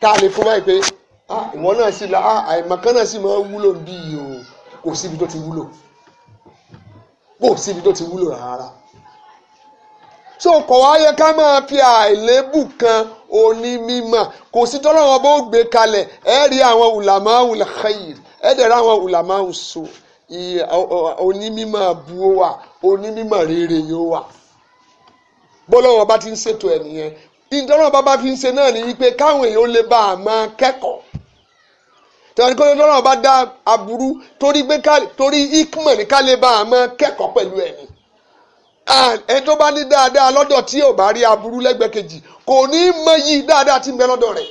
tá a lè fún báyìí pé ah, ìwọ náà sì la ah, àìmọ̀ kan náà sì máa wúlò bí o kò síbi tó ti wúlò kò síbi tó ti wúlò rárá so kò wá yẹ ká máa fi àìlébù kan onímímọ̀ kò sí tọ́lọ́wọ́n bó gbé kalẹ̀ ẹ rí àwọn ulamaul khair ẹ dẹ̀ rí àwọn ulamaus su onímímọ̀ bu ó wà onímímọ̀ rere yóò wà bọ́lọ́wọ́n bá ti ń ṣètò ẹ̀ nìyẹn ìtọ́nà bàbá fi ń ṣe náà ni wípé káwọn èèyàn lè bá a máa kẹ́kọ̀ọ́ tẹ̀wọ́n kí ọlọ́run bá dá aburú torí pé torí ká lè bá a máa kẹ́kọ̀ọ́ pẹ̀lú ẹ̀ ẹni tó bá ní dáadáa lọ́dọ̀ tí ò bá rí aburú lẹ́gbẹ̀ẹ́ kejì kò ní mọyì dáadáa tí ń bẹ lọ́dọ̀ rẹ̀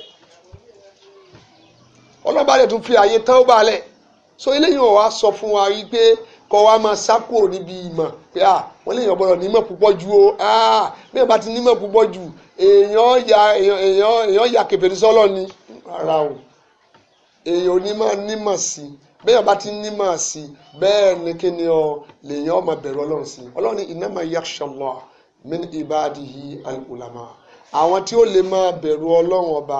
ọlọ́ba rẹ̀ tún fi àyè tán ó balẹ̀ so eléyìí wọn wá sọ fún wa wípé kọ́ wa máa sá kúrò níbi ìmọ̀ pé à wọ́n léèyàn gbọ́dọ̀ nímọ̀ púpọ̀ ju o bí ẹ bá ti nímọ̀ púpọ̀ ju èèyàn ya èèyàn ya kèfèrí sọ́lọ́ ni rárá o èèyàn ò nímọ̀ sí i bẹ́ẹ̀ bá ti ní máa sí bẹ́ẹ̀ ni kí ni ọ lèèyàn máa bẹ̀rù ọlọ́run sí ọlọ́run ní innama yakhsha Allah min ibadihi al-ulama àwọn tí ó lè máa bẹ̀rù ọlọ́run ọba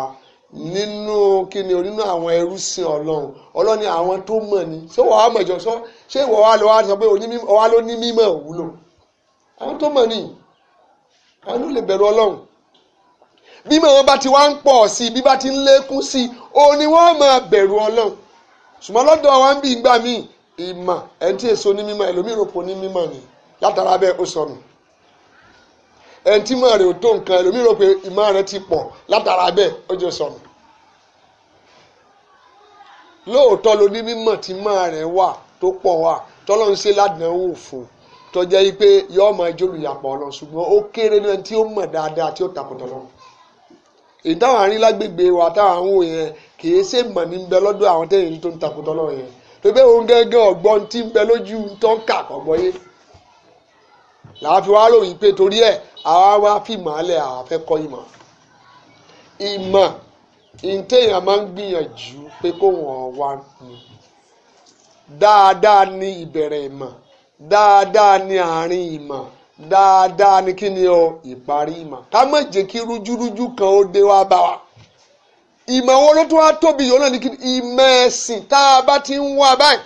nínú kí ni nínú àwọn ẹrú sin ọlọ́run ọlọ́run ní àwọn tó mọ̀ ni ṣé wàá mọ̀jọ sọ ṣé ìwọ wa lọ wá sọ pé ọwá ló ní mímọ̀ wúlò àwọn tó mọ̀ ni àwọn ló lè bẹ̀rù ọlọ́run bí mọ̀ wọn bá ti wá ń pọ̀ sí bí bá ti ń lékún sí òun ni wọ́n máa bẹ̀rù ọlọ́run ṣùgbọ́n lọ́dọ̀ wa ń bí ìgbà míì ìmọ̀ ẹni tí èso ní mímọ̀ ẹlòmíì rò pò ní mímọ̀ ni látara bẹ́ẹ̀ ó sọnù ẹni tí mọ̀ rẹ̀ ò tó nǹkan ẹlòmíì rò pé ìmọ̀ rẹ̀ ti pọ̀ látara bẹ́ẹ̀ ó jẹ́ sọnù lóòótọ́ ló ní mímọ̀ tí mọ̀ rẹ̀ wà tó pọ̀ wà tọ́lọ́ ń ṣe ládàáwò fún tọ́jà yìí pé yọ́ọ́ máa jólùyàpọ̀ ọ̀nà ṣùgbọ́n ó kéré náà tí ó mọ̀ dáadáa tí ó takùtọ̀ lọ́wọ́ èyí táwọn arí lágbègbè wa táwọn àwọn yẹn kì í ṣe mọ̀ ní bẹ lọ́dọ̀ àwọn tẹ̀yìn tó ń takùtọ̀ lọ́wọ́ yẹn tó bẹ́ẹ̀ òun gángan ọ̀gbọ́n tí ń bẹ lójú tó ń kà kọ́gbọ́ yé làáfi wá ròyìn pé torí ẹ̀ àwa wá fìmọ̀ alẹ́ àwa fẹ́ kọ́ ìmọ̀ ìmọ̀ ìtẹ̀yàn máa ń gbìyànjú pé kó wọ́n wá ni dáadáa ní ìbẹ̀rẹ̀ ìmọ̀ dáadáa ní àárín ìmọ̀ dáadáa ni kí ni o ìparí ìmọ̀ ká má jẹ́ kí rújúrújú kan ó dé wá bá wa ìmọ̀ wo ló tún wá tóbi yòó náà ni kí ni ìmọ̀ ẹ̀sìn tá a bá ti ń wá báyìí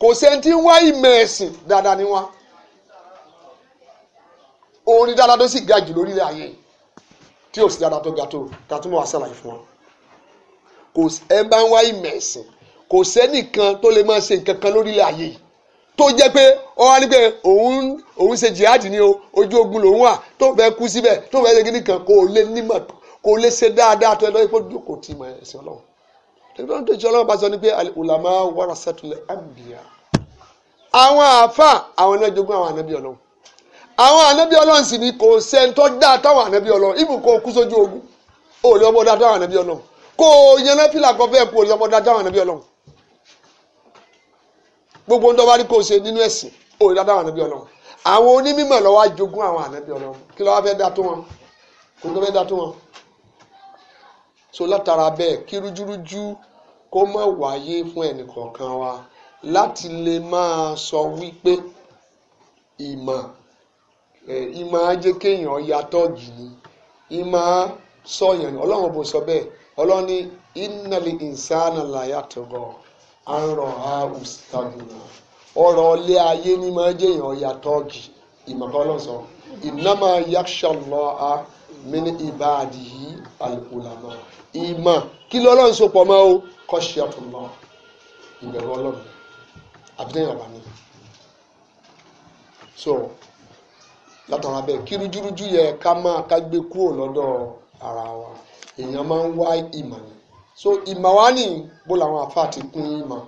kò sẹ́ni tí ń wá ìmọ̀ ẹ̀sìn dáadáa ni wá orin dáadáa tó sì ga jù lórílẹ̀ ayé yìí tí ò sí dáadáa tó ga tó ta tún mọ̀ wá sàlàyé fún wa ẹ bá ń wá ìmọ̀ ẹ̀sìn kò sẹ́nìkan tó lè máa ṣe nǹkan kan lórílẹ̀ ayé yìí tó jẹ́ pé ó wá ní pé òun òun ṣe jihad ni o ojú ogun lòun wà tó fẹ́ kú síbẹ̀ tó fẹ́ ṣe kíní kan kó o lè nímọ̀ kó o lè ṣe dáadáa tó ẹ lọ́yìn kó jókòó tì mọ̀ ẹ̀sìn ọlọ́run tẹ̀lé tó ń tẹ̀sí ọlọ́run bá sọ ni pé ulama warasatul anbiya àwọn àáfà àwọn náà jogún àwọn ànábì ọlọ́run àwọn ànábì ọlọ́run sì ni kò sẹ́ńtọ́ dáa táwọn ànábì ọlọ́run gbogbo ń dọ́wárí kó o ṣe nínú ẹ̀sìn ó rí dáadáa ànábì ọlọ́run àwọn onímọ̀ lọ́wọ́ jogún àwọn ànábì ọlọ́run kí ló wá fẹ́ dá tó wọn kò tó fẹ́ dá tó wọn. so látara bẹ́ẹ̀ kí rújúrújú kó má wáyé fún ẹnìkọ̀ọ̀kan wa láti lè máa sọ wípé ìmọ̀ ìmọ̀ ajé kéèyàn yàtọ̀ jù ní ìmọ̀ sọ̀yàn ọlọ́run bò sọ bẹ́ẹ̀ ọlọ́run ní ìnàlẹ̀ ìsánà làyàtọ̀ gan-an àrùn ha ustaguna ọ̀rọ̀ ilé ayé ni máa jẹ́ èèyàn ya tọ́ọ̀gì ìmọ̀kọ́ lọ́sọ̀ ìnáma yakṣọ̀lọ́ a mini ìbáàdì yìí alùpùlàmọ́ ìmọ̀ kí lọ́lọ́run so pọ̀ mọ́ o kọ́ṣí àtúnlọ́ ìbẹ̀rù ọlọ́run àbídẹ́yìn ọ̀bà ni. so látara bẹ́ẹ̀ kí rújúrújú yẹ ká máa ká gbé kúrò lọ́dọ̀ ara wa èèyàn máa ń wá ìmọ̀ ni so ìmọ̀ wa ní bó làwọn àfa ti pín ìmọ̀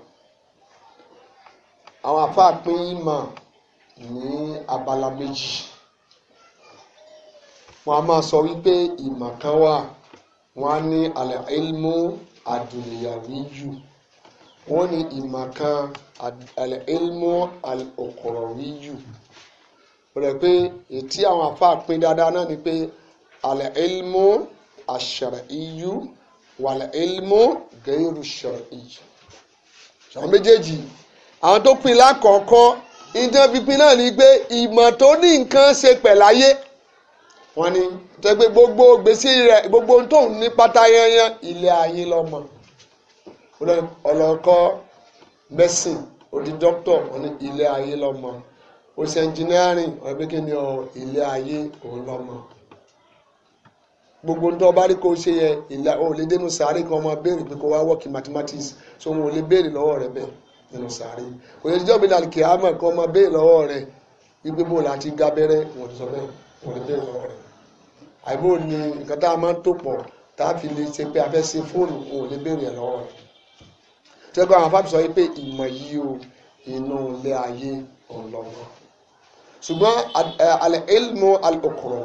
àwọn àfa pín ìmọ̀ ní abala méjì wọn a máa sọ wípé ìmọ̀ kan wà wọn á ní alẹ́ ilmu adùnìyàwíyù wọn ní ìmọ̀ kan alẹ́ ilmu alọ́kọ̀rọ̀wíyù rẹ̀ pé ètí àwọn àfa pín dáadáa náà ni pé alẹ́ ilmu àṣàrẹ̀ iyú wàlẹ̀ ilmu gẹ́rù ṣọ̀rì. ṣọ̀rọ̀ méjèèjì àwọn tó pin lákọ̀ọ́kọ́ ìjọba pínpín náà ni pé ìmọ̀ tó ní nǹkan ṣe pẹ̀láyé wọ́n ní tẹ́gbẹ́ gbogbo gbèsè rẹ̀ gbogbo ohun tó ń ní pátá yanyan ilé ayé lọ́mọ ọlọ́kọ́ mẹ́sìn odi dókítọ̀ wọ́n ní ilé ayé lọ́mọ oṣù ẹnjìnírìn wọ́n ní pé kí ni ilé ayé òun lọ́mọ gbogbo ń tọ́ bá rí kó ṣe yẹ ìlà ò lè dénú sàárè kan máa béèrè pé kó wá wọ́ọ̀kì mathematics so wọn ò lè béèrè lọ́wọ́ rẹ bẹ́ẹ̀ nínú sàárè kò lè jọ́ bílà kì á mọ̀ kan máa béèrè lọ́wọ́ rẹ wípé bó la ti ga abẹ́rẹ́ wọn ti sọ bẹ́ẹ̀ wọn lè béèrè lọ́wọ́ rẹ àìbó ni nǹkan tá a máa ń tò pọ̀ tá a fi lè ṣe pé a fẹ́ ṣe fóònù wọn ò lè béèrè lọ́wọ́ rẹ tẹ́gbọ́n àwọn afáàbí sọ pé ìmọ̀ yìí o inú ilé ayé ọ̀lọ́wọ́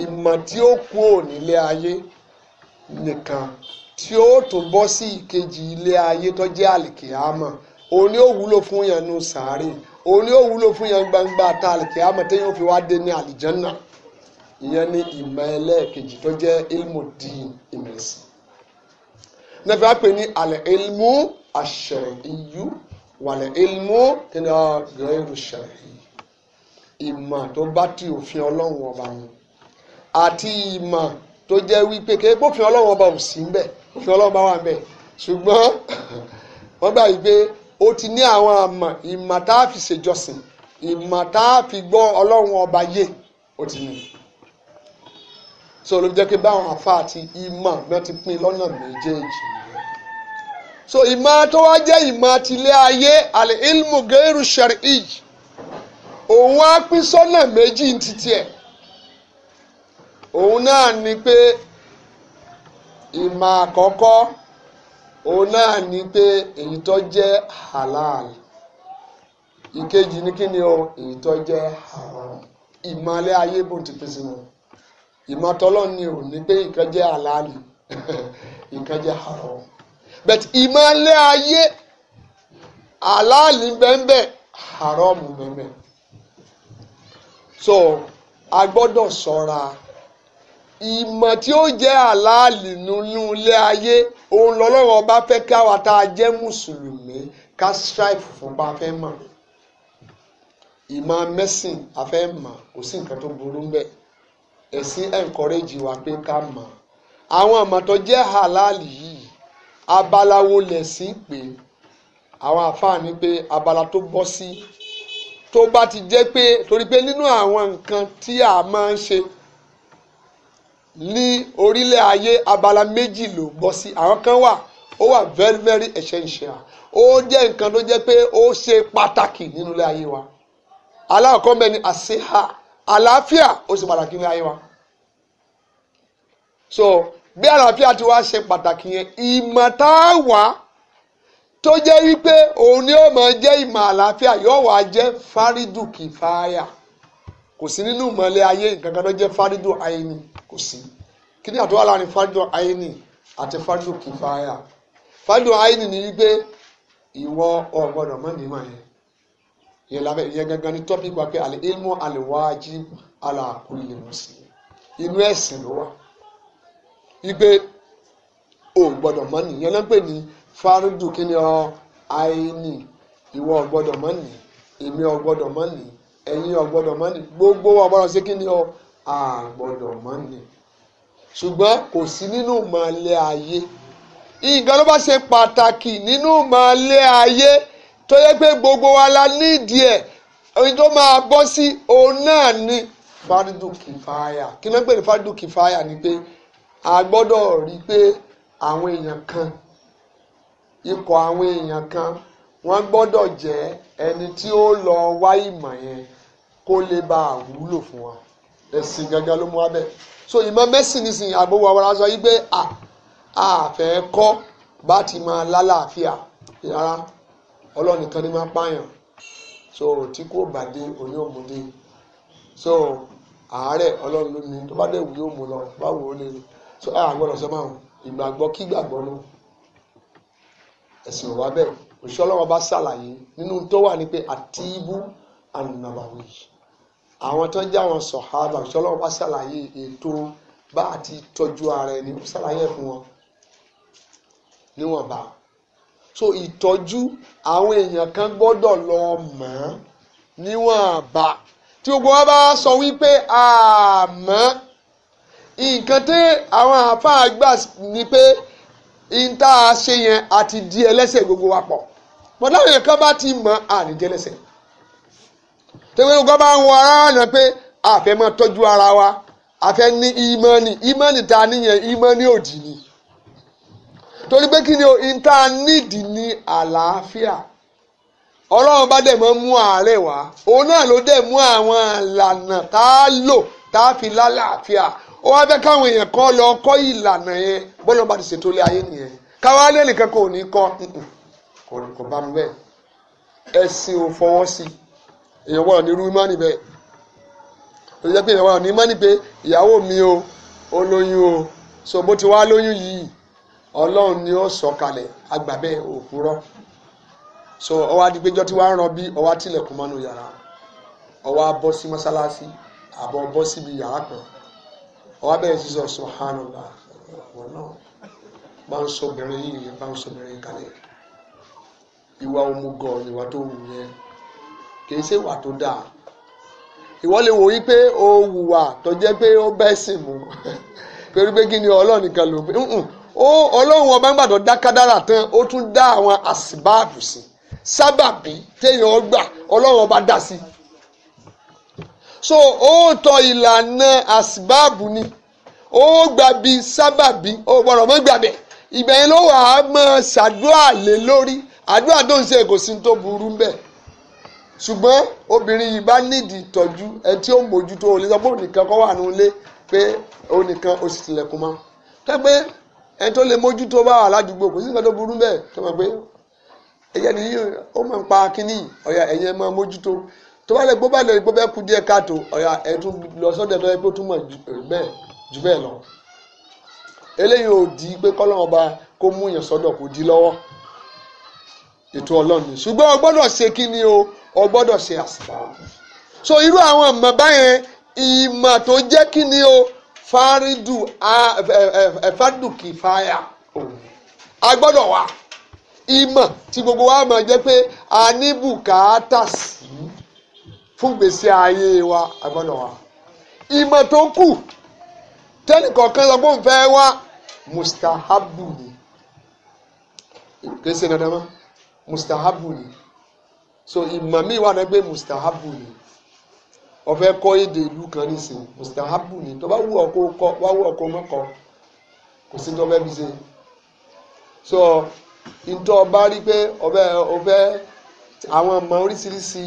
ìmọ̀ tí ó kú ò nílé ayé nìkan tí ó tún bọ́ sí ìkejì ilé ayé tó jẹ́ àlìkìyàmọ̀ òun ni ó wúlò fún yẹn nu sàárè òun ni ó wúlò fún yẹn gbangba ta àlìkìyàmọ̀ téyàn fi wá dé ní àlìjánná ìyẹn ni ìmọ̀ ẹlẹ́ẹ̀kejì tó jẹ́ ilmudin ìmẹ̀sì nàfẹ́ àpè ní àlẹ́ ilmu àṣẹ̀yú wàlẹ̀ ilmu kí ni ọ̀gá irú ṣẹ̀yí ìmọ̀ tó bá ti òfin ọlọ́run ọba wọn àti ìmọ̀ tó jẹ́ wípé kéé pófin ọlọ́run ọba ò sí ńbẹ̀ òfin ọlọ́run bá wà ńbẹ̀ ṣùgbọ́n wọ́n gbà wípé ó ti ní àwọn àmọ̀ ìmọ̀ tá a fi ṣèjọsìn ìmọ̀ tá a fi gbọ́ ọlọ́run ọba yé ó ti ní. so ló jẹ́ pé báwọn afa àti ìmọ̀ náà ti pín lọ́nà méjèèjì so ìmọ̀ tó wá jẹ́ ìmọ̀ tilé ayé àlè ilmu gẹ́rù shar'i òun á pín sọ́nà méjì ní titi ẹ̀ òun náà ni pé ìmọ̀ àkọ́kọ́ òun náà ni pé èyí tó jẹ́ halal ìkejì ni kí ni o èyí tó jẹ́ haram ìmọ̀lẹ́ ayé bó ti pèsè wọn ìmọ̀tọ́lọ́ ni ò ní pé nǹkan jẹ́ halal nǹkan jẹ́ haram but ìmọ̀lẹ́ ayé halal bẹ́ẹ̀ haram bẹ́ẹ̀ so a gbọ́dọ̀ ṣọ́ra. So, ìmọ̀ tí ó jẹ́ àlàálì nínú ilé ayé òun lọ́lọ́rọ̀ ọba fẹ́ káwa tá a jẹ́ mùsùlùmí ká strive fún bá a fẹ́ mọ̀ ìmọ̀ mẹ́sìn a fẹ́ mọ̀ kò sí nǹkan tó burú mbẹ̀ ẹ̀sìn encourage wa pé ká mọ̀ àwọn àmọ̀ jẹ́ àlàálì yìí abalawo lẹ̀sìn pé àwọn àfáàní pé abala tó bọ́ sí tó bá ti jẹ́ pé torí pé nínú àwọn nǹkan tí a máa ń ṣe ní orílẹ̀ ayé abala méjì ló gbọ́ sí àwọn kan wà ó wà very very essential ó jẹ́ nǹkan tó jẹ́ pé ó ṣe pàtàkì nínú ilé ayé wa aláàkọ́ mẹ́ni àṣehà àlàáfíà ó ṣe pàtàkì nínú ayé wa so bí àlàáfíà ti wá ṣe pàtàkì yẹn ìmọ̀ tá a wà tó jẹ́ wípé òun ni ó máa jẹ́ ìmọ̀ àlàáfíà yóò wá jẹ́ fárídù kìfáyà kò sí nínú ìmọ̀lẹ́ ayé nǹkan kan tó jẹ́ fárídù àyè ni. kò sí kí ni láàrin fardu aini àti fardu kìfàyà ni ìwọ ọ̀gbọ́dọ̀ mọ́ ní ìmọ̀ yẹn yẹn lábẹ́ yẹn gangan ni wa pé àlè ilmu al àlà ala kulli muslim inú ẹ̀sìn ló wà Igbe o gbọ́dọ̀ mọ̀ ní ọ ìwọ ọ̀gbọ́dọ̀ mọ́ ní èmi ọ̀gbọ́dọ̀ mọ́ ní ẹ̀yin ọ̀gbọ́dọ̀ mọ́ gbogbo sí a gbọ́dọ̀ mọ̀ ni ṣùgbọ́n kò sí nínú ìmọ̀lẹ́ ayé nǹkan ló bá ṣe pàtàkì nínú ìmọ̀lẹ́ ayé tó yẹ pé gbogbo wa la nídìí ẹ̀ oyin tó máa bọ́ sí òun náà ni fárídù kìfáyà kí ló ń pè ní fárídù kìfáyà ni pé a gbọ́dọ̀ rí i pé àwọn èèyàn kan ikọ̀ àwọn èèyàn kan wọ́n gbọ́dọ̀ jẹ́ ẹni tí ó lọ wá ìmọ̀ yẹn kó lè bá a wúlò fún wa ẹ̀sìn gangan ló mú wa so ìmọ̀ mẹ́sìn nísìnyí àgbowó àwọn aṣọ yìí pé à á fẹ́ kọ́ bá ti máa lálàáfíà rárá ọlọ́run nìkan ni máa pààyàn so tí kò bá dé òní ò mú dé so àárẹ̀ ọlọ́run ló ní tó bá dé òní ò mú lọ báwo ó lè so ẹ àgbọ̀dọ̀ sọ máa ìgbàgbọ́ kí gbàgbọ́ nù ẹ̀sìn ò wá bẹ́ẹ̀ òṣìṣẹ́ ọlọ́run bá ṣàlàyé nínú tó wà ní pé àtìbú ànàbàwì àwọn tó ń jẹ́ àwọn sọ̀hábà ṣọlọ́wọ́ bá ṣàlàyé ètò bá àti tọ́jú ara ẹni ó ṣàlàyé fún wọn níwọ̀nba so ìtọ́jú àwọn èèyàn kan gbọ́dọ̀ lọ mọ̀ ọ́n níwọ̀nba tí gbogbo wa bá sọ wípé àmọ́ nǹkan tí àwọn àáfàá gbà ni pé n tá a ṣe yẹn àti di ẹlẹ́sẹ̀ gbogbo wa pọ̀ mọ̀tàwọn èèyàn kan bá ti mọ̀ àní di ẹlẹ́sẹ̀ yẹn tẹ́wé lóko bá ń wọ ara wa nà pé àfẹ́ máa tọ́jú ara wa àfẹ́ ní ìmọ̀ọ́nì ìmọ̀ọ́nì tá a níyẹn ìmọ̀ọ́nì òdì ni torí pé kí ni o ìta nídìí ní àlàáfíà ọlọ́run bá dẹ̀ mọ́ mú àárẹ̀ wá òun náà ló dẹ̀ mú àwọn ìlànà tá a lò tá a fi lálàáfíà ó wá fẹ́ káwọn èèyàn kan lọ kọ́ ìlànà yẹn bọ́lá bá ti ṣètò ilé ayé nìyẹn káwá lẹ́nìkan kò ní kọ́ kò bá mi bẹ́ẹ̀ ẹ̀sìn ò fọwọ́ sí i èèyàn wà nírú ìmánì bẹ́ẹ̀ tó jẹ́ pé èèyàn wà ní ìmánì pé ìyàwó mi o ó o so bó ti wá lóyún yìí ọlọ́run ni ó sọ kalẹ̀ àgbà bẹ́ẹ̀ òpùrọ́ so ọwọ́ adigunjọ́ tí wàá ń rọbí ọwọ́ àtìlẹ̀kùn mọ́nu yàrá ọwọ́ abọ́ sí mọ́sálásí àbọ̀ bọ́ síbi yàrá kan ọwọ́ abẹ́rẹ́ sísọ subhanallah wọn náà bá ń sọ obìnrin yìí bá ń sọ obìnrin kalẹ̀ ìwà òmùgọ̀ ìwà tó wù yẹn kì í ṣe ìwà tó dáa ìwọ lè wò wípé o hùwà tó jẹ́ pé ó bẹ́ sìn mu pẹ̀lú pé kí ni ọlọ́run nìkan ló pé ó ọlọ́run ọba ń gbàdọ̀ dá kádàrà tán ó tún dá àwọn àsìbáàbù sí sábàbí téèyàn gbà ọlọ́run ọba dá sí so o tọ ìlànà àsìbáàbù ni ó gbà bí sábàbí ó gbọ́dọ̀ mọ́ gbàbẹ̀ ìbẹ̀yẹn ló wà á máa ṣàdúrà lé lórí àdúrà tó ń ṣe kò sí tó burú bẹ́ẹ̀ ṣùgbọ́n obìnrin yìí bá nídìí ìtọ́jú ẹ tí ó ń mójútó o lè sọ pé ònìkan kọ́ wà ní ilé pé ònìkan o sì tilẹ̀kùn mọ́ kẹ́gbẹ́ ẹ tó lè mójútó bá wà ládùúgbò kò sí nǹkan tó burú bẹ́ẹ̀ tó mọ̀ pé ẹ̀yẹ nìyí ó máa ń pa kínní ọ̀yà ẹ̀yẹ máa mójútó tó bá lè gbó bá lè gbó bẹ́ẹ̀ kú díẹ̀ káàtó ọ̀yà ẹ tún lọ sọ́dọ̀ ẹ̀ tó túmọ̀ eh, bẹ́ẹ̀ jù bẹ́ẹ̀ lọ eléyìí ò di pé kọ́lọ́run ọba kó mú yàn sọ́dọ̀ kó di lọ́wọ́ ètò ọlọ́run ṣùgbọ́n o ṣe kí ni o o gbọ́dọ̀ ṣe àsìkò so irú àwọn ìmọ̀ báyẹn ìmọ̀ tó jẹ́ kí ni o fárídù fárídù kìfáyà a gbọ́dọ̀ wá ìmọ̀ tí gbogbo wa máa jẹ́ pé a ní bùkátà sí fún gbèsè ayé wa a gbọ́dọ̀ wá ìmọ̀ tó kù tẹ́nìkọ̀ọ̀kan sọ pé òun fẹ́ wá mustahabu ni kìí ṣe dandan mọ́ mustahabu ni so ìmọ̀ mi wà lẹ́gbẹ́ mustahabu ni ọ̀fẹ́ kọ́ èdè ìlú kan nísìnyí mustahabu ni tó bá wù ọ́ kó kọ́ wá wù ọ́ kó mọ́ kọ́ kò sí tó fẹ́ fi ṣe so ntọ́ bá rí pé ọ̀fẹ́ ọ̀fẹ́ àwọn ọmọ oríṣiríṣi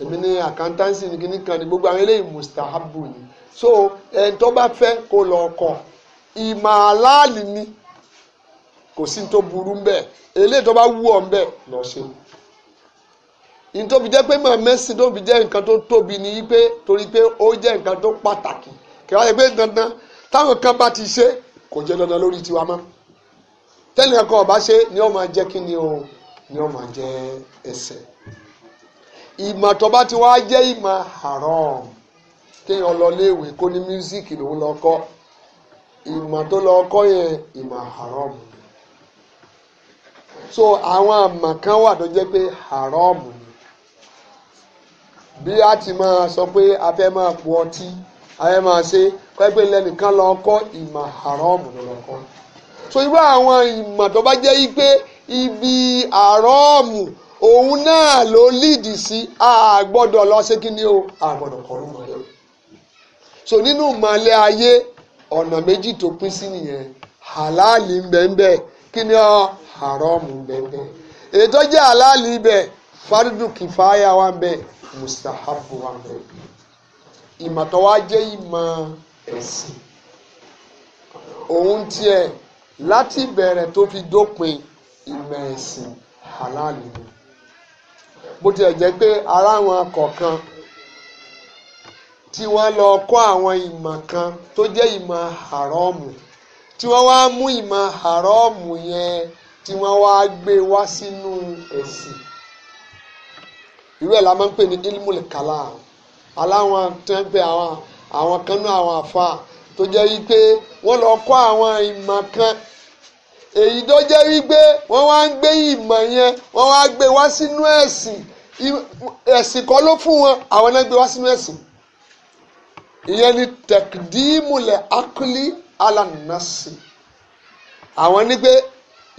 èmi ní àkántánsì ní kíní kan ní gbogbo àwọn eléyìí mustahabu ni so ẹni tó bá fẹ́ kó lọ kọ́ ìmọ̀ aláàlì ni kò sí tó burú ń bẹ̀ eléyìí tó bá wù ọ́ ń bẹ̀ lọ́ọ́ ṣe nítorí jẹ́ pé màmá ẹ̀sìn tó fi jẹ́ nǹkan tó tóbi ni wípé torí pé ó jẹ́ nǹkan tó pàtàkì kìlá yẹ pé dandan táwọn kan bá ti ṣe kò jẹ́ dandan lórí tiwa mọ́ tẹ́lẹ̀ kan ọba ṣe ni ó máa jẹ́ kí ni o ni ó máa jẹ́ ẹsẹ̀ ìmọ̀ tó bá ti wá jẹ́ ìmọ̀ haram kéèyàn lọ léèwé kó ní mísíkì lòún lọ kọ́ ìmọ̀ tó lọ kọ́ yẹn ìmọ̀ haram so àwọn àmọ̀ kan wà tó jẹ́ pé haram ni bí a ti máa sọ pé a fẹ́ máa pọ ọtí a fẹ́ máa ṣe pẹ́pẹ́ lẹ́nìkan lọ kọ́ ìmọ̀ àrọ́ọ̀mù lọ so irú àwọn ìmọ̀ tó bá jẹ́ yí ibi àrọ́ọ̀mù òun náà ló líìdì sí a gbọ́dọ̀ lọ ṣe kí ni o a gbọ́dọ̀ kọ́ ló mọ̀lẹ́ so nínú ìmọ̀lẹ́ ayé ọ̀nà méjì tó pín sí nìyẹn halali ń bẹ kí ni ọ haramu ń bẹ ń jẹ́ halali ibẹ̀ fárúdù kìfáyà wà ń bẹ mustahabu amẹ ìmọ̀tọ́ wa jẹ́ ìmọ̀ ẹ̀sìn òun tiẹ̀ láti bẹ̀rẹ̀ tó fi dópin ìmọ̀ ẹ̀sìn halal ni bó tiẹ̀ jẹ́ pé ara àwọn kọ̀ọ̀kan tí wọ́n lọ kọ́ àwọn ìmọ̀ kan tó jẹ́ ìmọ̀ haramu tí wọ́n wá mú ìmọ̀ haramu yẹn tí wọ́n wá gbé wá sínú ẹ̀sìn irú ẹ̀ la máa ń pè ní ilmul kalam aláwọn tí wọ́n pe àwọn àwọn kan náà àwọn àfa tó jẹ́ wípé wọ́n lọ kọ́ àwọn ìmọ̀ kan èyí tó jẹ́ wípé wọ́n wá ń gbé ìmọ̀ yẹn wọ́n wá gbé wá sínú ẹ̀sìn ẹ̀sìn kọ́ ló fún wọn àwọn náà gbé wá sínú ẹ̀sìn ìyẹn ni tẹkdímùlẹ̀ akuli alanasi àwọn ní pé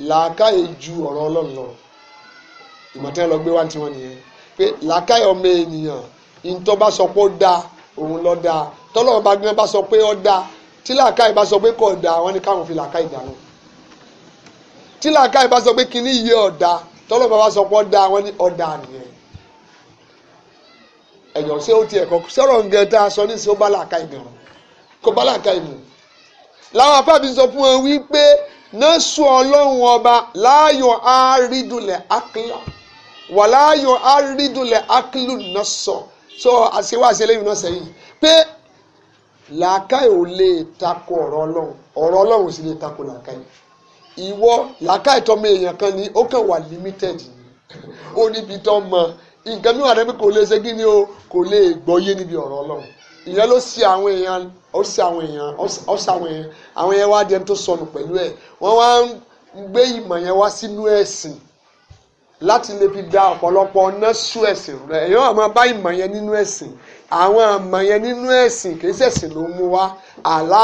làákàyè ju ọ̀rọ̀ ọlọ́run lọ ìmọ̀tẹ́ lọ gbé wá tiwọn nìyẹn pé làákàyè ọmọ ènìyàn ìtọ́ bá sọ pé ó dáa òun ló dáa tọ́lọ́wọ́ bá gbẹ́ bá sọ pé ó dáa tí làákàyè bá sọ pé kò dáa wọ́n ní káwọn fi làákàyè dànù tí làákàyè bá sọ pé kíní yé ọ̀dà tọ́lọ́wọ́ bá sọ pé ó dáa wọ́n ní ọ̀dà nìyẹn ẹ̀yàn ṣé ó tiẹ̀ kọ́ sọ̀rọ̀ ǹgẹ̀ tá a sọ ní sí ó bá làákàyè gan kò bá làákàyè mu làwọn afáàbí sọ fún wọn wípé náà sùn ọlọ́run ọba láàyò àárídùnlẹ̀ ákìlá wàláyò àrídùnlẹ̀ akílù náà sọ so àṣewáṣe lẹ́yìn náà sẹ́yìn pé làákàyè ò lè takò ọ̀rọ̀ ọlọ́run ọ̀rọ̀ ọlọ́run sì lè takò làákàyè ìwọ làákàyè tọmọ èèyàn kan ni ó kàn wà limited ni ó níbi tó mọ nǹkan mi wà rẹ kò lè ṣe kí ni o kò lè gbọ́yé níbi ọ̀rọ̀ ọlọ́run ìyẹn ló ṣe àwọn èèyàn ó ṣe àwọn èèyàn ó ṣe àwọn èèyàn àwọn èèyàn wá di ẹni tó sọnù pẹ̀lú ẹ̀ wọ́n wá ń gbé ìmọ̀ yẹn wá sínú ẹ̀sìn láti lè fi da ọ̀pọ̀lọpọ̀ ọ̀nà sú ẹ̀sìn rẹ̀ èèyàn àmọ́ bá ìmọ̀ yẹn nínú ẹ̀sìn àwọn ìmọ̀ yẹn nínú ẹ̀sìn kì í ṣẹ̀sìn ló mú wa àlá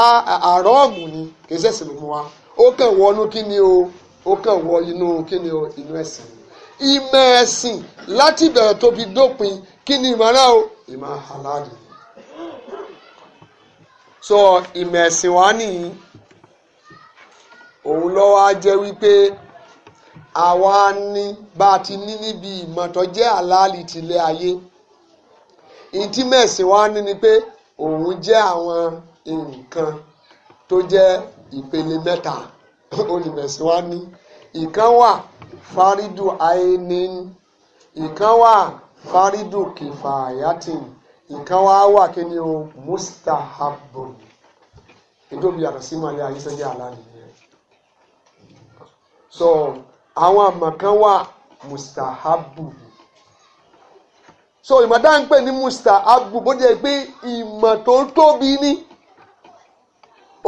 àrọ́ọ̀mù ni kì ṣẹ̀sìn ló mú wa ó kàn wọnú kí ni o ó kàn wọ inú kí o inú ẹ̀sìn ìmọ̀ ẹ̀sìn láti bẹ̀rẹ̀ tó fi dópin kí ni o ìmọ̀ aláàdì so ìmọ̀ ẹ̀sìn wa nìyí òun lọ́wọ́ á jẹ́ wípé àwa ni bá a ti ní níbi ìmọ̀tọ́ jẹ́ àlàálì tìlẹ̀ ayé ìtí mẹ̀sìn wa ní ni pé òun jẹ́ àwọn nǹkan tó jẹ́ ìpele mẹ́ta olùmẹ̀sìn wa ní ìkan wà fárídù àìnín ìkan wà fárídù kìfàyàtìn ìkan wà wà kí ni o mustahabu ìdóbi àtàsímọ̀ ilé ayé sẹ́jẹ́ àlàálì yẹn so àwọn àmọ̀ kan wà mustahabu so ìmọ̀ dáhùn pé ní mustahabu bó jẹ́ pé ìmọ̀ tó tóbi ni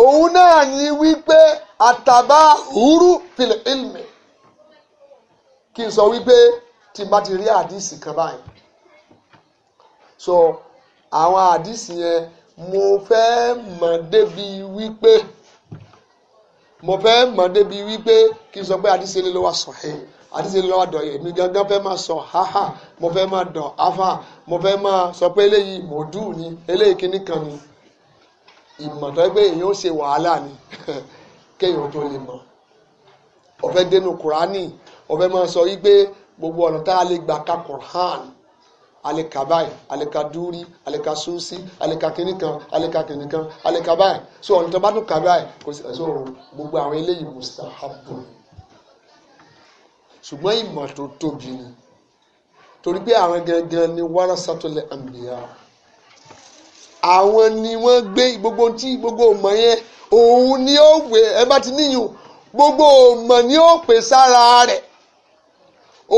òun náà ní wípé àtàbá huru fil ilmi kí n sọ wípé tí n bá ti rí àdìsí kan báyìí so àwọn àdìsí yẹn mo fẹ́ mọ̀ débi wípé mo fẹ́ mọ̀ débi wípé kí n sọ pé àdísẹ́lẹ̀ ló wà sọ̀hẹ́ àdísẹ́lẹ̀ ló wà dọ̀ èmi gangan fẹ́ máa sọ haha mo fẹ́ máa dọ̀ afa mo fẹ́ máa sọ pé eléyìí mòdù ni eléyìí kíní kan ni ìmọ̀ tó yẹ pé èèyàn ó ṣe wàhálà ni kéèyàn tó lè mọ̀ ó fẹ́ dénú kùránì ó fẹ́ máa sọ wípé gbogbo ọ̀nà tá a lè gbà ka kùránì alika báyìí alika dúrí alika súnsí alika kìnìkan alika kìnìkan alika báyìí so ọ̀nà tó bá tún kà báyìí kò sí so gbogbo àwọn eléyìí mustahabu ṣùgbọ́n ìmọ̀ tó tóbi ni torí pé àwọn gangan ni warasatul anbiya àwọn ni wọ́n gbé gbogbo tí gbogbo ọmọ yẹn òun ni ó wẹ̀ ẹ bá ti níyùn gbogbo ọmọ ni ó pè sára rẹ̀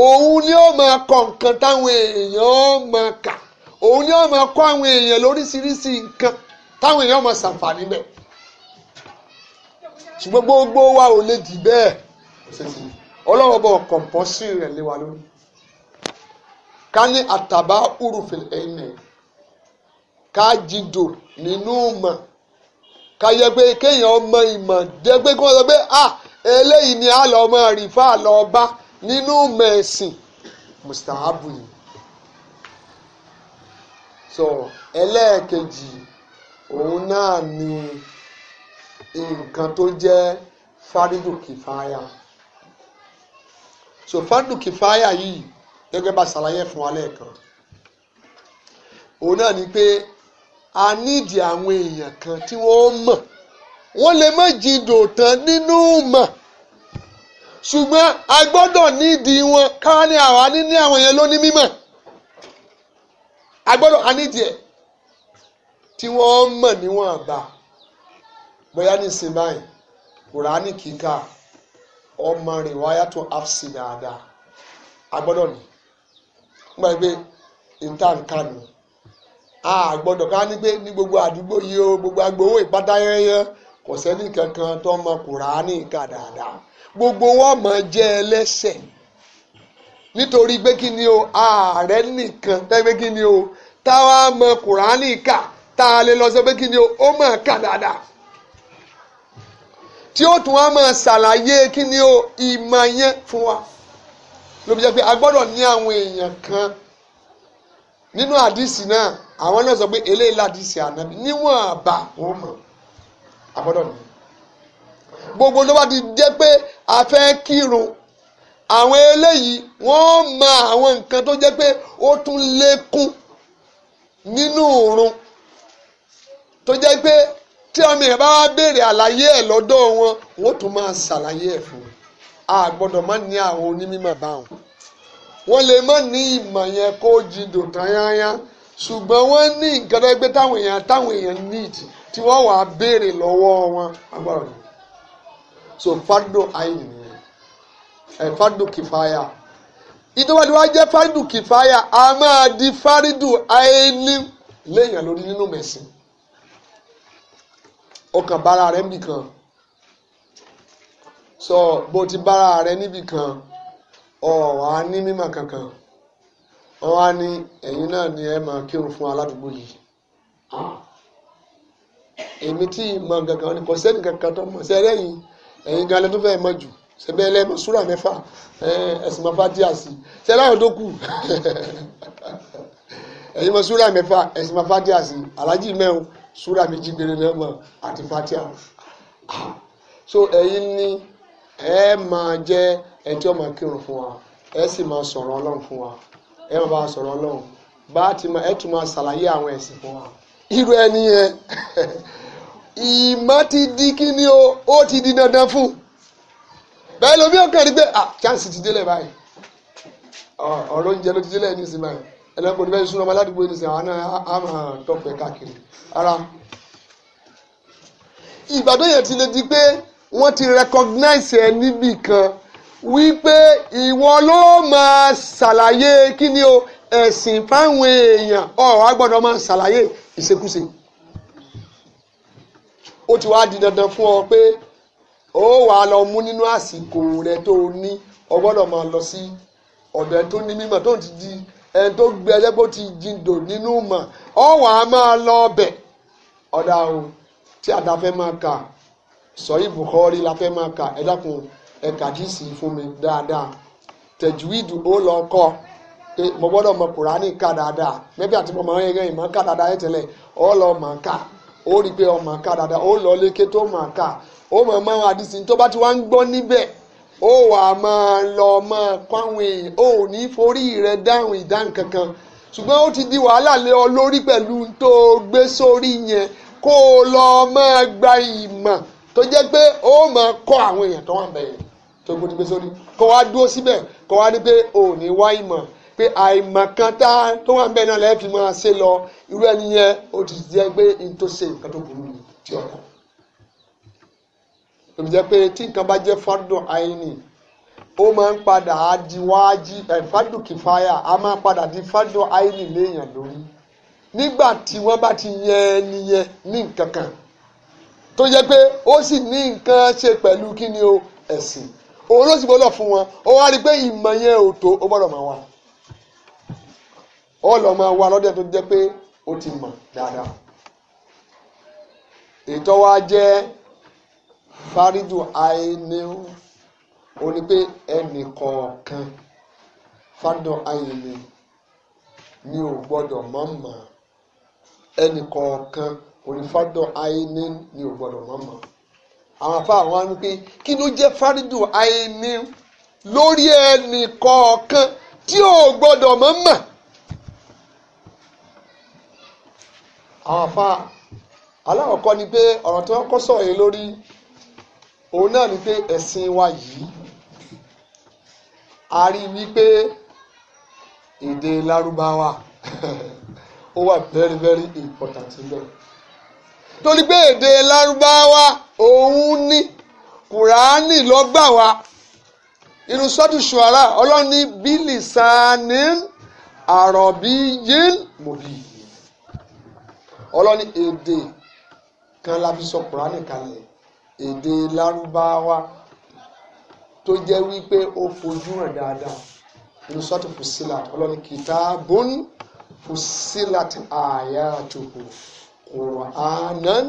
òun ni ó máa kọ nǹkan táwọn èèyàn ó máa kà òun ni ó máa kọ àwọn èèyàn lóríṣiríṣi nǹkan táwọn èèyàn máa ṣàǹfààní bẹ̀ ṣùgbọ́n gbogbo wa ò lè dì bẹ́ẹ̀ ọlọ́wọ́ bọ̀ kọ̀m̀pọ́sì rẹ̀ lé wa lórí ká ní àtàbá urufin ẹ̀yìn ká jìndò nínú mọ̀ ká yẹ pé kéèyàn ọmọ ìmọ̀ jẹ́ pé kí wọ́n sọ pé ah eléyìí ni a lọ máa rìfà lọ bá nínú mẹ̀sìn mustahabu ni so ẹlẹ́ẹ̀kejì òun náà ni nǹkan tó jẹ́ fárídù kìfáyà so fárídù kìfáyà yìí gẹ́gẹ́ bá ṣàlàyé fún wa lẹ́ẹ̀kan òun náà ni pé a nídìí àwọn èèyàn kan tí wọ́n mọ̀ wọ́n lè má jí dòtán nínú mọ̀. ṣùgbọ́n a gbọ́dọ̀ nídìí wọn káwọn ní àwa níní àwọn yẹn lóní mímọ̀ a gbọ́dọ̀ a nídìí ẹ̀ tí wọ́n mọ̀ níwọ̀n àbá bóyá ní ìsìn kùránì kíkà ọmọ rẹ̀ wáyà tó àfsì dáadáa a gbọ́dọ̀ ní gbọ́dọ̀ a gbọ́dọ̀ ká ní ní gbogbo àdúgbò yìí o gbogbo agbowó ìpátá yẹn yẹn kò sẹ́ni kankan tó mọ kùránì kà dáadáa. gbogbo wa máa jẹ́ ẹlẹ́ṣẹ̀ nítorí pé kí ni o ààrẹ nìkan tẹ́ pé kí ni o táwa mọ kùránì kà tá a lè lọ sọ pé kí ni o ó mọ̀ kà dáadáa tí ó tún wá máa ṣàlàyé kí ni o ìmọ̀ yẹn fún wa ló fi jẹ́ pé a gbọ́dọ̀ ní àwọn èèyàn kan nínú àdìsí náà àwọn náà sọ pé eléyìí ládìsí ànábi níwọ̀n àbà ó mọ̀ a gbọ́dọ̀ ní gbogbo tó bá ti jẹ́ pé a fẹ́ kírun àwọn eléyìí wọ́n mọ àwọn nǹkan tó jẹ́ pé ó tún lékún nínú òrun tó jẹ́ pé tí ọmọ yẹn bá wá béèrè àlàyé ẹ̀ lọ́dọ̀ wọn wọ́n tún máa ṣàlàyé ẹ̀ fún un a gbọ́dọ̀ má ní àwọn onímọ̀ báwọn wọ́n lè má ní ìmọ̀ yẹn kó jìndò tán yányán ṣùgbọ́n wọ́n ní nǹkan tó jẹ́ pé táwọn èèyàn táwọn èèyàn níìdì tí wọ́n wàá béèrè lọ́wọ́ wọn agbára ni so fardo ayin nìyẹn ẹ eh, fardo kìfáyà ìtọ́wádìí wá jẹ́ fardo kìfáyà a máa di fardo ayin léèyàn lórí nínú mẹ̀sìn ọkàn bára rẹ̀ nìkan sọ bó ti bára rẹ̀ níbì kan ọ̀wá ní mímọ̀ kankan wọ́n wá ní ẹ̀yin náà ni ẹ máa kírun fún aládùúgbò yìí ah. èmi tí ìmọ̀ kankan ni kò sẹ́ni kankan tó mọ̀ sẹ́rẹ́ yìí ẹ̀yin gan lẹ́nu fẹ́ mọ̀ jù sẹ́bẹ̀ ẹlẹ́mọ̀ súrà mẹ́fà ẹ̀sìn mọ́fà tí a sì ṣe láwọn tó kù ẹ̀yin mọ̀ súrà mẹ́fà ẹ̀sìn mọ́fà tí a sì alájì mẹ́wọ̀n súrà méjì péré lẹ́mọ̀ àti fatia so ẹ̀yin ni ẹ máa jẹ́ ẹ tí ó máa kírun fún wa ẹ sì máa sọ̀rọ̀ ọlọ́run fún wa ẹ máa bá a sọ̀rọ̀ ọlọ́run bá a ti máa ẹ tún máa ṣàlàyé àwọn ẹ̀sìn fún wa irú ẹni yẹn ìmọ̀ ti di kí ni o ó ti di dandan fún un bẹ́ẹ̀ lómi ọ̀kan rí pé ah chance ti délẹ̀ báyìí ọ̀rọ̀ oúnjẹ ló ti délẹ̀ ní ìsinmi báyìí ẹlẹ́gbọ̀n ní bẹ́ẹ̀ sún ọmọ aládùúgbò ní ìsinmi àwọn náà á máa tọpẹ káàkiri ara ìbàdàn yẹn ti lè di pé wọ́n ti recognize ẹ níbì kan wípé ìwọ ló máa ṣàlàyé kí ni o ẹ̀sìn fáwọn èèyàn ọ̀ wá máa ṣàlàyé ìṣekúṣe ó ti wá di dandan fún ọ pé ó wà á lọ mú nínú àsìkò rẹ tó o ní o gbọ́dọ̀ máa lọ sí ọ̀dọ̀ ẹ tó ní mímọ̀ tó ti di ẹni tó gbé ẹjẹ́ bó ti jindò nínú mọ̀ ọ wà á máa lọ ọbẹ̀ ọ̀dà o tí àdá fẹ́ máa kà sọ̀rí Bukhari la fẹ́ máa kà ẹ dákun ẹ kàdísì fún mi dáadáa tẹ̀júwìdù ó lọ kọ́ pé mo gbọ́dọ̀ mọ Kùránì kà dáadáa mẹ́bí àti mo máa ń yẹ ìmọ̀ kà dáadáa yẹ tẹ́lẹ̀ ọ lọ mọ̀ kà ó rí i pé ọmọ ká dáadáa ó lọ lékè tó mọ̀ ká ó mọ̀ mọ́ àdìsí tó bá ti wá ń gbọ́ níbẹ̀ ó wà máa lọ mọ́ pàwọn èèyàn ó ní forí rẹ̀ dáhùn ìdáhùn kankan ṣùgbọ́n ó ti di wàhálà lé ọ lórí pẹ̀lú tó gbé sórí yẹn kó o lọ máa gba ìmọ̀ tó jẹ́ pé ó máa kọ́ àwọn èèyàn tó wà bẹ̀yẹn tó gbé sórí kó wá dúró síbẹ̀ kó wá ní pé ò ní wá ìmọ̀ pé àìmọ̀kan tá tó wà bẹ́ẹ̀ náà lẹ́ẹ̀fì máa ṣe lọ irú ẹni yẹn ó ti jẹ́ pé n tó ṣe nǹkan tó burú ni tí ọ̀dọ̀. tòbí jẹ́ pé tí nǹkan bá jẹ́ fádùn àìní ó máa ń padà á di wáájí ẹ̀ fádùn kìfáyà á máa padà di fádùn àìní léèyàn lórí nígbà tí wọ́n bá ti yẹ ẹni yẹn ní nǹkan kan tó jẹ́ pé ó sì ní nǹkan ṣe pẹ̀lú kí ni o ẹ̀sìn òun ló sì gbọ́dọ̀ fún wọn ó wá rí i pé ìmọ̀ yẹn ò tó ó gbọ́dọ̀ máa wà ó lọ máa wá lọ́dẹ tó jẹ́ pé ó ti mọ̀ dáadáa ètò wa jẹ́ fárídù àìníhù ó pé ẹnì kọ̀ọ̀kan fárídù àìní ni ò gbọ́dọ̀ mọ̀ mọ̀ ẹnì kọ̀ọ̀kan onífádọ àìní ni ò gbọ́dọ̀ mọ̀ mọ̀ àwọn afá àwọn ni pé kí ló jẹ́ fárídù àìní lórí ẹnì kọ̀ọ̀kan tí ò gbọ́dọ̀ mọ̀ mọ̀. àwọn afa alákọ̀ọ́kọ́ ni pé ọ̀rọ̀ tí wọ́n kọ́ sọ̀rọ̀ yẹn lórí òun náà ni pé ẹ̀sìn wa yìí a rí wípé èdè lárúbáwá ó wà very very important níbẹ̀ torí pé èdè lárúbáwá òun ní kùránì ló gbà wá inú sọ́dù ṣùárà ọlọ́ni bílísàánì àrọ̀bíyìn mòbí ọlọ́ni èdè kan la fi sọ kùránì kalẹ̀ èdè lárúbáwá tó jẹ́ wípé ó fojú hàn dáadáa inú sọ́ọ̀tù fusilat ọlọ́ni kitabun fusilat ayatuhu qur'anan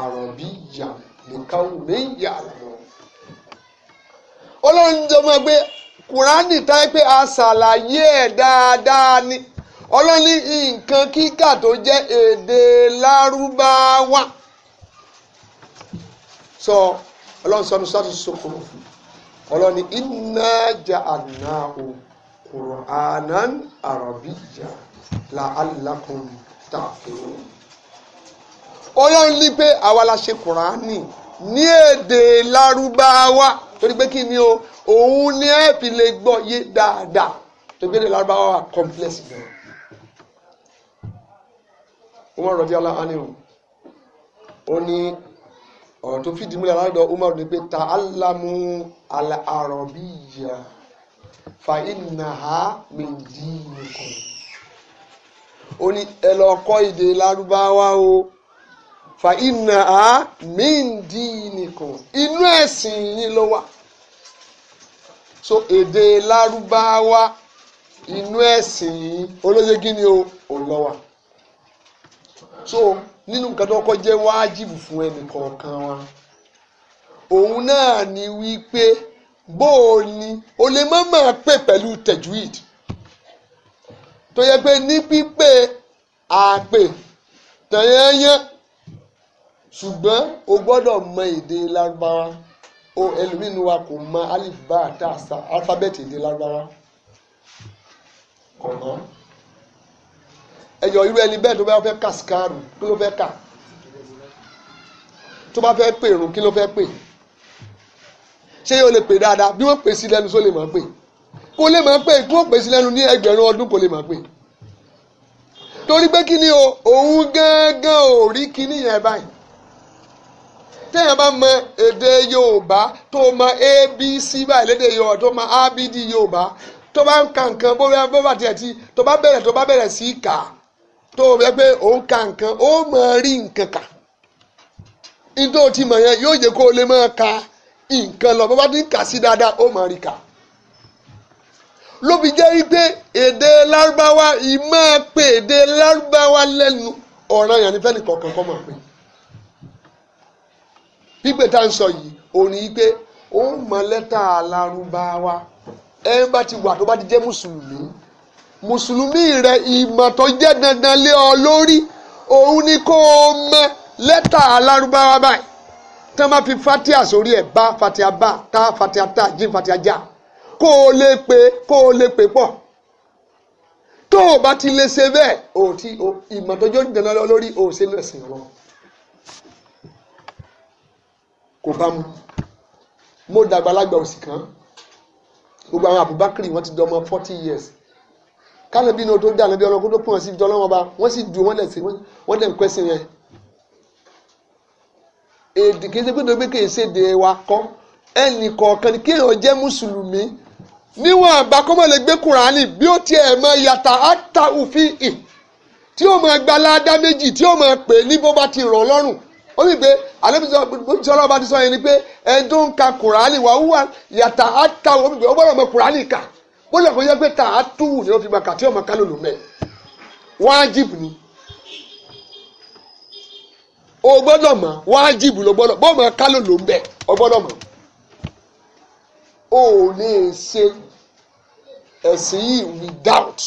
arabiyyan liqawmin ya'lamun. ọlọ́run jọ mọ́ pé kùránì táyé pé a ṣàlàyé ẹ̀ dáadáa ni ọlọ́ni nǹkan kíkà tó jẹ́ èdè lárúbáwá sọ ọlọ́run sọ́nu sọ́tún sọ́kùrù ọlọ́ni inna ja'alnahu qur'anan arabiyya la'allakum ta'qilun. ọlọ́run ní pé àwa la ṣe kùránì ní èdè lárúbáwá torí pé kí ni o òun ni ẹ fi lè gbọ́ yé dáadáa torí pé èdè lárúbáwá wà complex gan Umar radiyallahu anhu ó ní ọ̀rọ̀ tó fìdí múlẹ̀ aládọ́ Umar ní pé ta'allamu al-arabiyya fa innaha min dinikum ó ní ẹ lọ kọ́ èdè lárúbáwá o fa innaha min dinikum inú ẹ̀sìn yín ló wà so èdè lárúbáwá inú ẹ̀sìn yín olóṣègí ni o ò lọ so nínú nǹkan tó kọ́ jẹ́ wájìbù fún ẹnì kọ̀ọ̀kan wa òun náà ni wípé bó o ní o lè má máa pè pẹ̀lú tajwid tó yẹ pé ní pípé àpè tẹ̀yẹ́yẹ́ ṣùgbọ́n o gbọ́dọ̀ mọ èdè lárúbáwá o ẹlòmínú wa kò mọ alif bá àtà èdè lárúbáwá kọ̀ọ̀kan ẹyọ irú ẹni bẹ́ẹ̀ tó bá fẹ́ kà síkàrù kí ló fẹ́ kà tó bá fẹ́ pè rún kí ló fẹ́ pè ṣé yóò lè pè dáadáa bí wọ́n pè sí lẹ́nu só lè máa pè kó lè máa pè kó pè sí lẹ́nu ní ẹgbẹ̀rún ọdún kó lè máa pè torí pé kí ni o òun gángan ò rí kíní yẹn báyìí téèyàn bá mọ èdè Yorùbá tó mọ abc báyìí lédè Yorùbá tó mọ abd Yorùbá tó bá ń ka nǹkan bó bá tiẹ̀ ti tó bá bẹ̀rẹ̀ tó bá bẹ̀rẹ̀ sí í kà á tó o fẹ́ pé òun ka nǹkan ó máa rí nǹkan kà nítorí o ti mọ̀ yẹn yóò jẹ́ kó o lè máa ka nǹkan lọ bó bá ti ń kà sí dáadáa ó máa rí kà ló fi jẹ́ wípé èdè lárúbáwá ìmọ̀ pé èdè lárúbáwá lẹ́nu ọ̀ràn yẹn ni fẹ́ni kọ̀ọ̀kan kọ́ máa pè pípé tá à ń sọ yìí òun ni pé mọ lẹ́tà lárúbáwá ẹ̀ bá ti wà tó bá ti jẹ́ mùsùlùmí mùsùlùmí rẹ ìmọ̀ tó jẹ́ dandan lé ọ lórí òun ni kó o mọ lẹ́tà alárúbáwá báyìí tí wọ́n bá fi fatia sórí ẹ̀ bá fatia bá tá fatia tá jí fatia já kó o lè pè kó o lè pè pọ̀ tó o bá ti lè ṣe bẹ́ẹ̀ o ti ìmọ̀ tó jẹ́ dandan lé ọ lórí o ṣe lè sìn ọ kò bá mu mo dàgbà lágbà òsì kan gbogbo àwọn Abubakar wọ́n ti dọmọ forty years kánàbí náà tó dà nàbí ọlọ́kú tó pọ̀ sí ibi tọ́lọ́wọ́ bá wọ́n sì dùn wọ́n lẹ̀sìn wọ́n lẹ̀ ń kọ́ ẹ̀sìn yẹn. èdè kìí ṣe pé tó gbé kìí ṣe èdè wa kọ́ ẹnì kọ̀ọ̀kan ni kéèyàn jẹ́ mùsùlùmí níwọ̀n àbá kọ́mọ̀ lè gbé kùránì bí ó tiẹ̀ mọ yàtà áta òfin ì tí ó mọ gbalada méjì tí ó mọ pè ní bó bá ti rọ̀ lọ́rùn ó sì pé àlébísọ́lọ́ bá ti sọ yẹn ni pé ẹni ka kùránì wà wúwa yàtà áta òfin ì ó gbọ́dọ̀ mọ kùránì kà bó lè kó yẹ pé tà á tù ní wọn fi gba kàtí ọmọ kálò lò wájìbù ni o gbọ́dọ̀ mọ̀ wájìbù ló gbọ́dọ̀ bó ọmọ kálò lò o gbọ́dọ̀ mọ̀ o ò ní ṣe ẹ̀sìn yìí without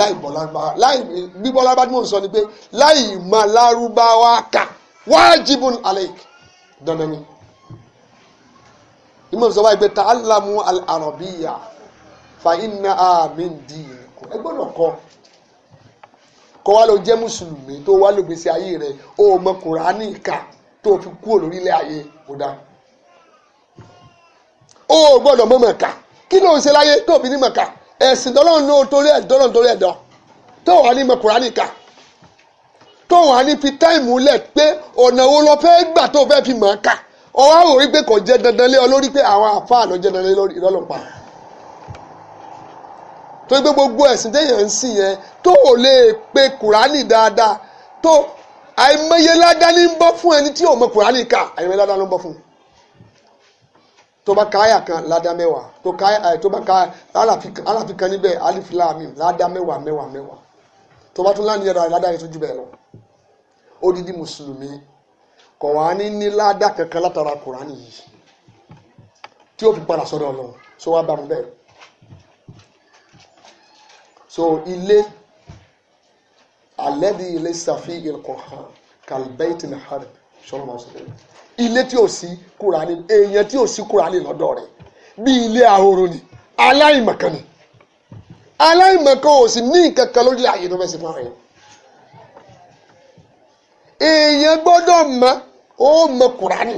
láì bọ̀ lárúbáwá láì bíbọ̀ lárúbáwá tí mò ń sọ ni pé láì mọ̀ lárúbáwá kà wájìbù alek dandan ni ìmọ̀ sọ wáyé pé ta alamu al-arabiya. Al fa iná àmì ndí ẹ̀kọ́ ẹ gbọ́dọ̀ kọ́ kọ́ wa ló jẹ́ mùsùlùmí tó wá ló gbèsè ayé rẹ̀ ó mọ kùránì ìka tó fi kúrò lórílẹ̀ ayé kò dá ó gbọ́dọ̀ mọ̀ mọ̀ọ́ká kí ló ń ṣe láyé tó fi ní mọ̀ọ́ká ẹ̀sìn dọ́lọ́run ló torí ẹ̀ dọ́lọ́run torí ẹ̀ dán tó wà ní mọ kùránì ìka tó wà ní fi táìmù lẹ̀ pé ọ̀nà wo lọ fẹ́ gbà tó fẹ́ fi mọ̀ọ́ká ọwọ́ àwòrí pé kò jẹ́ dandan lé ọ lórí pé àwọn àfáà ló jẹ́ dandan lé lọ́lọ́pàá tó gbé gbogbo ẹ̀sìn téèyàn ń sìn yẹn tó ò lè pe kùránì dáadáa tó àìmọye ládá ní ń bọ́ fún ẹni tí ò mọ kùránì kà àìmọye ládá ló ń bọ́ fún un tó bá ka àyà kan ládá mẹ́wàá tó ka ẹ tó bá ka aláfi kan níbẹ̀ alifilami ládá mẹ́wàá mẹ́wàá mẹ́wàá tó bá tún láníyàn rà ládá yẹn tó jù bẹ́ẹ̀ lọ odidi mùsùlùmí kọ̀ wá ní ní ládá kankan látara kùránì yìí tí ó fi padà sọ́dọ̀ Ọlọ́run tó wá bá mi bẹ́ẹ̀ so ilé alẹ́bí ilé safi ilkọ̀hán kalbaitin harb sọlọ́mọ sọlọ́mọ ilé tí ò sí kúránì èèyàn tí ò sí kúránì lọ́dọ̀ rẹ̀ bí ilé ahoro ni aláìmọ̀kan ni aláìmọ̀kan ò sì ní nǹkan kan lórí ààyè tó fẹ́ sí fáwọn èèyàn èèyàn gbọ́dọ̀ mọ̀ ó mọ̀ kúránì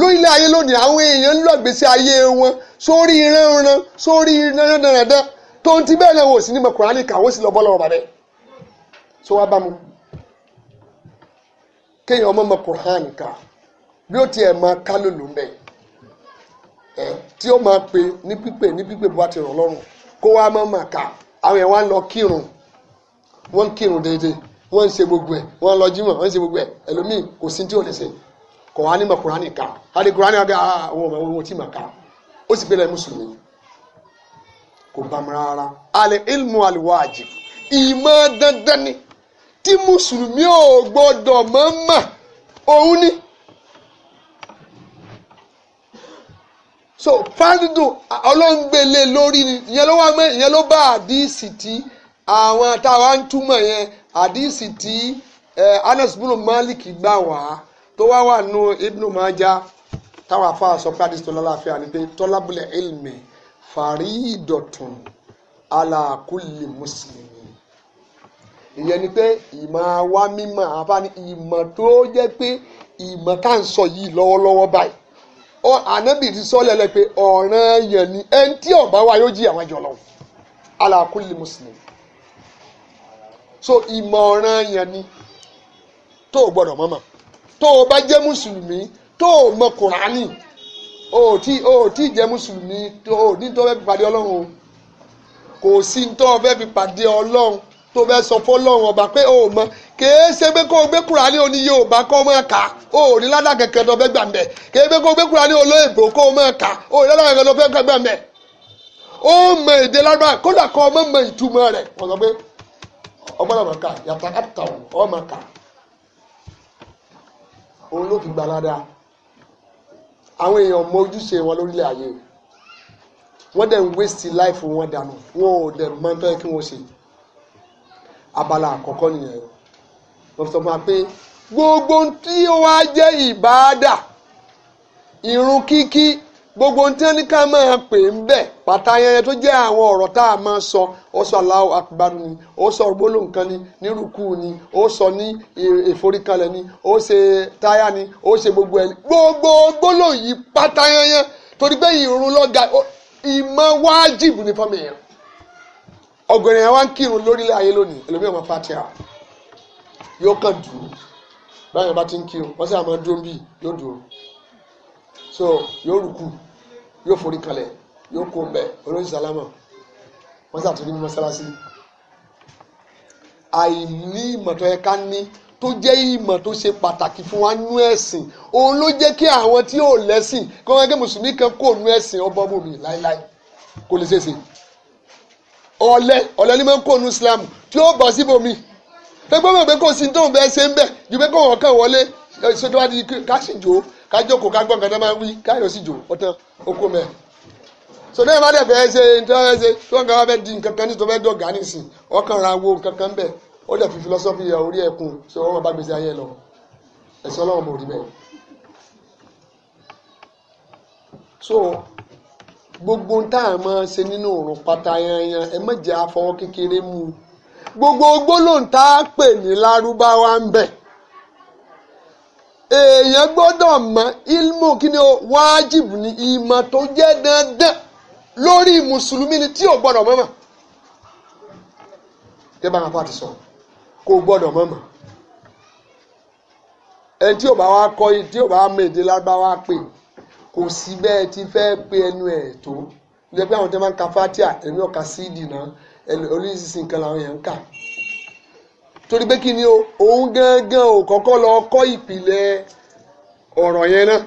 lórílẹ̀ ayé lónìí àwọn èèyàn ń lọ ìgbésí ayé wọn sórí ìrànràn sórí ìrànràn dáradára tóun ti bẹ́ẹ̀ náà wò sí ní mọ̀ kùránì kà wọ́n sì lọ bọ́ lọ́wọ́ so tó wá bá mu kéèyàn ọmọ mọ̀ kùránì kà bí ó tiẹ̀ máa ká lòlò ń tí ó máa pe ní pípé ní pípé bó ti lọ́rùn kó wá máa mà lọ kírun wọ́n ń kírun déédéé lọ jímọ̀ wọ́n ń ṣe gbogbo ẹ̀ ẹlòmíì kò sí tí ò lè ṣe kò wá ní ah, wọ́n kò bámu rárá alẹ́ ilmu alwajib ìmọ̀ dandan ni tí mùsùlùmí ò gbọ́dọ̀ mọ̀ọ́mọ̀ òun ni. so fáńdù ọlọ́ngbélé lórí ni ìyẹn ló wá mọ́ ìyẹn ló bá àdíìsì tí àwọn táwa ń túmọ̀ yẹn àdíìsì tí Anas bunu Malik gbà wá tó wá wà nù Ibnu Maja táwọn afáà sọ pé àdíìsì tó lọ́la fẹ́ àní pé tọ́lábùlẹ̀ ilmi faridọ̀tún alákùlì mùsùlùmí ìyẹn ni pé ìmọ̀ wa mímọ̀ àfáàní ìmọ̀ tó jẹ́ pé ìmọ̀ tá à ń sọ yìí lọ́wọ́lọ́wọ́ báyìí ọ ànábì ti sọ lẹ́lẹ́ pé ọ̀ràn yẹn ni ẹni tí ọ̀bá wa yóò jí àwọn àjọ lọ alákùlì mùsùlùmí so ìmọ̀ ọ̀ràn yẹn ni tó o gbọ́dọ̀ mọ̀ mọ̀ tó o bá jẹ́ mùsùlùmí tó o mọ̀ kùránì o ti tí o ò tí ì jẹ́ mùsùlùmí o ò ní tó fẹ́ fi pàdé ọlọ́run o kò sí ní tó fẹ́ fi pàdé ọlọ́run tó fẹ́ sọ fọlọ́run ọba pé o ò mọ kèé ṣe pé kó o gbé kúránì oníyẹ òbá kó o máa kà o ò ní ládàá kankan tó fẹ́ gbà mẹ́ kèé pé kó o gbé kúránì olóyìnbó kó o máa kà o ò ní ládàá kankan tó fẹ́ gbà mẹ́ ó mọ èdè lágbára kódà kó o mọ mọ ìtumọ̀ rẹ̀ wọ́n sọ pé ọgbọ́dọ̀ máa kà yàtọ̀ àtàwọn ọ àwọn èèyàn mọ ojúṣe wọn lórílẹ̀ ayé wọ́n dẹ̀ ń waste life wọn dànù wọn ò dẹ̀ mọ tó yẹ kí wọ́n ṣe abala àkọ́kọ́ nìyẹn wọ́n fi sọ fún wa pé gbogbo tí ó wá jẹ́ ìbáadà ìrun kíkí gbogbo ohun tí wọ́n ní ká máa pè ń je pàtà ayẹyẹ tó ma àwọn tá a máa sọ ó sọ Allahu ni ó sọ gbólóhùn ni nírúkú ni ó sọ ní ìforíkanlẹ̀ ni ó ṣe táyà ni ó ṣe gbogbo gbogbo gbólóhùn yìí pàtà ayẹyẹ torí pé ìrun lọ́ga wajib wájìbù ni fọ́ọ̀mù yẹn ọ̀gọ̀rẹ̀ yẹn wá ń kírun lórílẹ̀ ayé lónìí ẹlòmíràn máa yóò kàn báyọ̀ bá ti ń kírun wọ́n sì dúró yóò so yóò rùkù yóò forí kalẹ̀ yóò kó mbẹ olóyún sálámà wọ́n sàtún ní mọ́sálásí. àìní ìmọ̀ tó yẹ ká ní tó jẹ́ ìmọ̀ tó ṣe pàtàkì fún wa nú ẹ̀sìn òun ló jẹ́ kí àwọn tí ò lẹ́sìn kí wọ́n gẹ́ mùsùlùmí kan kó nú ẹ̀sìn ọbọ̀ bòmí láéláé kó lè ṣèṣe ọ̀lẹ ọ̀lẹ ni máa ń kó nú Islam tí ó bọ̀ síbòmí ẹgbẹ́ mọ̀ pé kò sí tóun bẹ́ẹ̀ ṣe ń bẹ̀ ju pé kò wọ́n kàn wọlé ṣètò àdìyí káṣíjò kájókòó ká gbọ́ nǹkan tó máa wí káyọ̀ sì jò ọ̀tán oko mẹ́. so náà bá dẹ̀ fẹ́ ṣe tó fẹ́ ṣe tó nǹkan bá fẹ́ di nǹkan kan ní tó fẹ́ dọ̀gá nísìn ọkàn ra wo nǹkan kan bẹ̀ ó dẹ̀ fi philosophy orí ẹ̀kún so wọ́n bá gbèsè ayé lọ ẹ̀sìn ọlọ́run mò rí bẹ́ẹ̀. so gbogbo tá a máa ṣe nínú òrùn pátá yanyan ẹ má jẹ́ afọwọ́ kékeré mú gbogbo gbólóǹtà pè ní lárúbáwá ń bẹ̀ èèyàn gbọ́dọ̀ mọ̀ ilmu kí ni o wájìbù ni ìmọ̀ tó jẹ́ dandan lórí mùsùlùmí ni tí ò gbọ́dọ̀ mọ̀ mọ̀ kí bá wọn fà ti sọ kò gbọ́dọ̀ mọ̀ mọ̀ ẹni tí ò bá wa kọ́ yìí tí ò bá mọ èdè lárúbáwá pè kò sí bẹ́ẹ̀ ti fẹ́ pe ẹnu ẹ̀ tó ní ẹgbẹ́ àwọn tí wọ́n máa ń ka fatia ẹ̀mí ọ̀ka sídìí náà oríṣiríṣi nǹkan làwọn yẹn ń kà torí pé kí ni o òun gángan ò kọ́kọ́ lọ kọ́ ìpìlẹ̀ ọ̀rọ̀ yẹn náà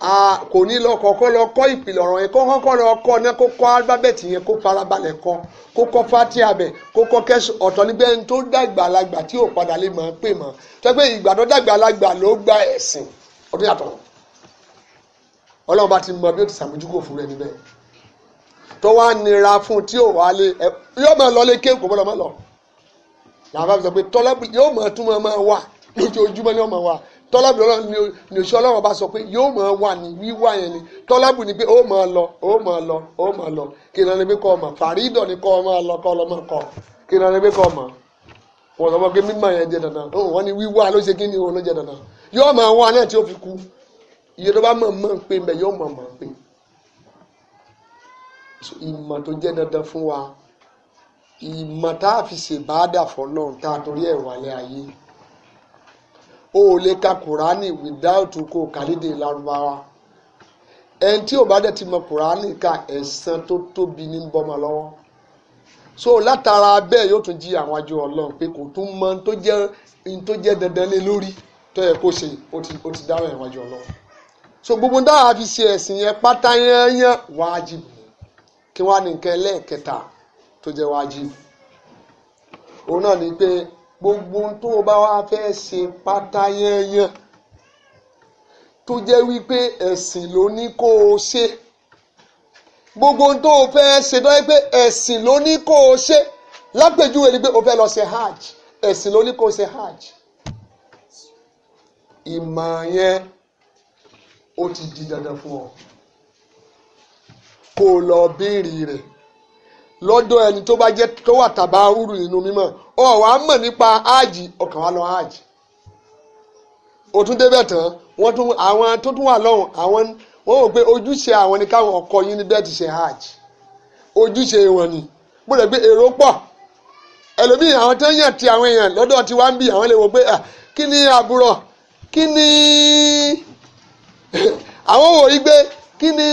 a kò ní lọ kọ́kọ́ lọ kọ́ ìpìlẹ̀ ọ̀rọ̀ yẹn kó kọ́kọ́ lọ kọ́ ní kó kọ́ alábẹ́tì yẹn kó farabalẹ̀ kọ́ kó kọ́ fati abẹ kó kọ́ kẹ́sù ọ̀tọ̀ níbẹ̀ ń tó dàgbà alágbà tí ò padà lè máa pè mọ́ tẹ́gbẹ́ ìgbà tó dàgbà alágbà ló gba ẹ̀sìn ọdún yàtọ̀ ọlọ́run bá ti mọ bí ó ti sàmójúkò fún rẹ níbẹ̀ tó wá nira fún tí ò wá lé ẹ yóò máa lọ lé kéwù kò gbọ́dọ̀ máa lọ làwọn bá fi sọ pé tọ́lábì yóò máa tún máa wà lójoojúmọ́ ni wọ́n máa wà tọ́lábì ni òṣìṣẹ́ ọlọ́run bá sọ pé yóò máa wà ní wíwà yẹn ni tọ́lábì ni pé ó máa lọ ó máa lọ ó máa lọ kí ni ẹni pé kọ́ ọmọ fàrídọ̀ ni kọ́ ọmọ lọ kọ́ ọlọ́mọ kọ́ kí ni ẹni pé kọ́ ọmọ wọn lọ bọ pé mímọ yẹn jẹ dandan ó wọn ni wíwá ló ṣe kí ni òun ló jẹ dandan yóò máa wá náà tí ó fi kú iye tó bá mọ̀ mọ̀ ń pè mẹ́ yóò mọ̀ mọ̀ ń pè ìmọ̀ tó jẹ́ dandan fún wa ìmọ̀ tá a fi ṣèbáàdà fọlọ́run tá a torí ẹ̀ wálé ayé o ò lè ka kùránì without kó o kàlédè lárúbáwá ẹni tí ò bá dẹ̀ ti mọ kùránì ka ẹ̀san tó tóbi ní bọ́mọ lọ́wọ́ so látara bẹ́ẹ̀ yóò tún jí àwọn àjọ ọlọ́run pé kò tún mọ tó jẹ́ tó jẹ́ dandan lé lórí tó yẹ kó ṣe ó ti dáhùn ẹ̀wájú ọlọ́run so gbogbo dáhà fi ṣe ẹ̀sìn yẹn pátá yányán wájibù kí wọ́n á ní nǹkan ẹlẹ́ẹ̀kẹta tó jẹ́ wájib òun náà ni pé gbogbo tó o bá wá fẹ́ ṣe pátá yẹ́nyẹ́n tó jẹ́ wípé ẹ̀sìn ló ní kó o ṣe gbogbo tó o fẹ́ ṣe tó jẹ́ pé ẹ̀sìn ló ní kó o ṣe lápèjúwe ni pé o fẹ́ lọ ṣe hajj ẹ̀sìn ló ní kó o ṣe hajj ìmọ̀ yẹn ó ti di dandan fún ọ kó o lọ béèrè rẹ̀ lọ́dọ̀ ẹni tó bá jẹ́ tó wà tàbá rúru nínú mímọ́ ọ wà á mọ̀ nípa áàjì ọkàn wa lọ áàjì o tún débẹ̀ tán wọ́n tún àwọn tó tún wà lọ́hùn àwọn wọ́n wò pé ojúṣe àwọn ni káwọn ọkọ yín níbẹ̀ ti ṣe áàjì ojúṣe wọn ni gbọ́dọ̀ pé èrò pọ̀ ẹlòmíì àwọn tó ń yàn ti àwọn èèyàn lọ́dọ̀ tí wá ń bì àwọn lè wò pé kí ni àbúrò kí ni àwọn wò yí gbé kí ni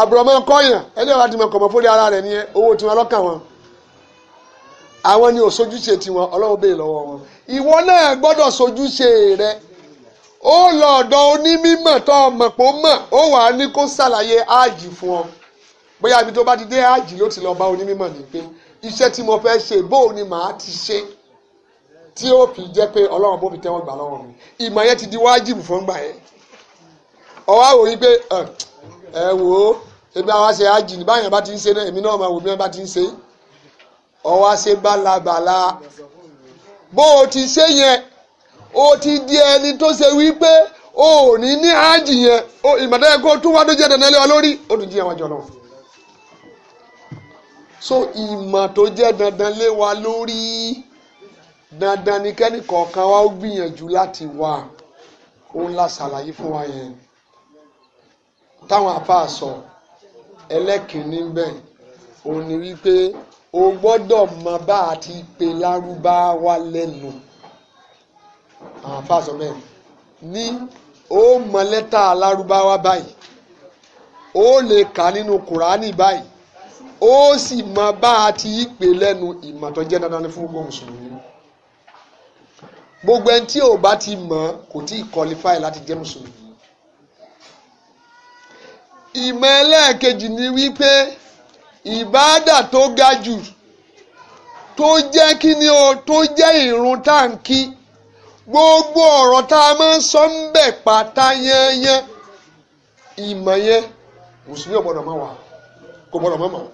àbùrọ̀mọ́ kọ́yàn ẹni ọ̀rọ̀ àti mọ̀kànmọ́ fúnra ara rẹ̀ nìyẹn owó tiwọn lọ́kàn wọn àwọn ni òṣojúṣe tiwọn ọlọ́run béè lọ́wọ́ wọn ìwọ náà gbọ́dọ̀ ṣojúṣe rẹ ó lọ ọ̀dọ̀ onímọ̀ tó mọ̀ pé ó mọ̀ ó wà á ní kó ṣàlàyé áàjì fún ọ bóyá ibi tó bá ti dé áàjì ló ti lọ bá onímọ̀ ní pé iṣẹ́ tí mo fẹ́ ṣe bóò ni màá ti ṣe tí ó fi jẹ́ pé ọlọ́run bó fi tẹ́wọ́ gbà lọ́wọ́ mi ìmọ̀ yẹn ti di wájìbù fún gbà yẹn ọwọ́ àwòrán pé ẹ wò ó ebi àwa ṣe àjì ní báyìí bá ti ń ṣe náà èmi náà máa wò bí wọ́n bá ti ń ṣe ọwọ́ ṣe bálabàla bó o ti ṣe yẹn o ti di ẹni tó ṣe wípé o ò ní ní àjì yẹn o ìmọ̀tá yẹn kó tún wá dójú ẹ̀dẹ̀ nílé wa lórí o tún jí ẹ̀wọ̀n jọ lọ. so ìmọ̀ tó jẹ́ dandan lé wa lórí dandan ni kẹ́nìkọ̀ọ̀kan wa ó gbìyànjú láti wà ó ń la ṣàlàyé fún wa yẹn táwọn àfa sọ ẹlẹ́kìnní bẹ́ẹ̀ òun ni wípé o gbọ́dọ̀ mọ bá a ti pe lárúbáwá lẹ́nu àwọn àfa sọ bẹ́ẹ̀ ni o mọ lẹ́tà lárúbáwá báyìí o lè kà nínú kùránì báyìí o sì mọ bá a ti pè lẹ́nu ìmọ̀ tó jẹ́ dandan fún gbogbo mùsùlùmí gbogbo ẹni tí ò bá ti mọ̀ kò tí ì kọlifáì láti jẹ́ mùsùlùmí ìmọ̀ ẹlẹ́ẹ̀kejì ni wípé ìbáàdà tó ga jù tó jẹ́ kí ni o tó jẹ́ ìrun gbogbo ọ̀rọ̀ tá a máa ń sọ ń bẹ̀ pátá yẹ́nyẹ́n ìmọ̀ yẹn mùsùlùmí ò gbọ́dọ̀ máa wà kò gbọ́dọ̀ máa mọ̀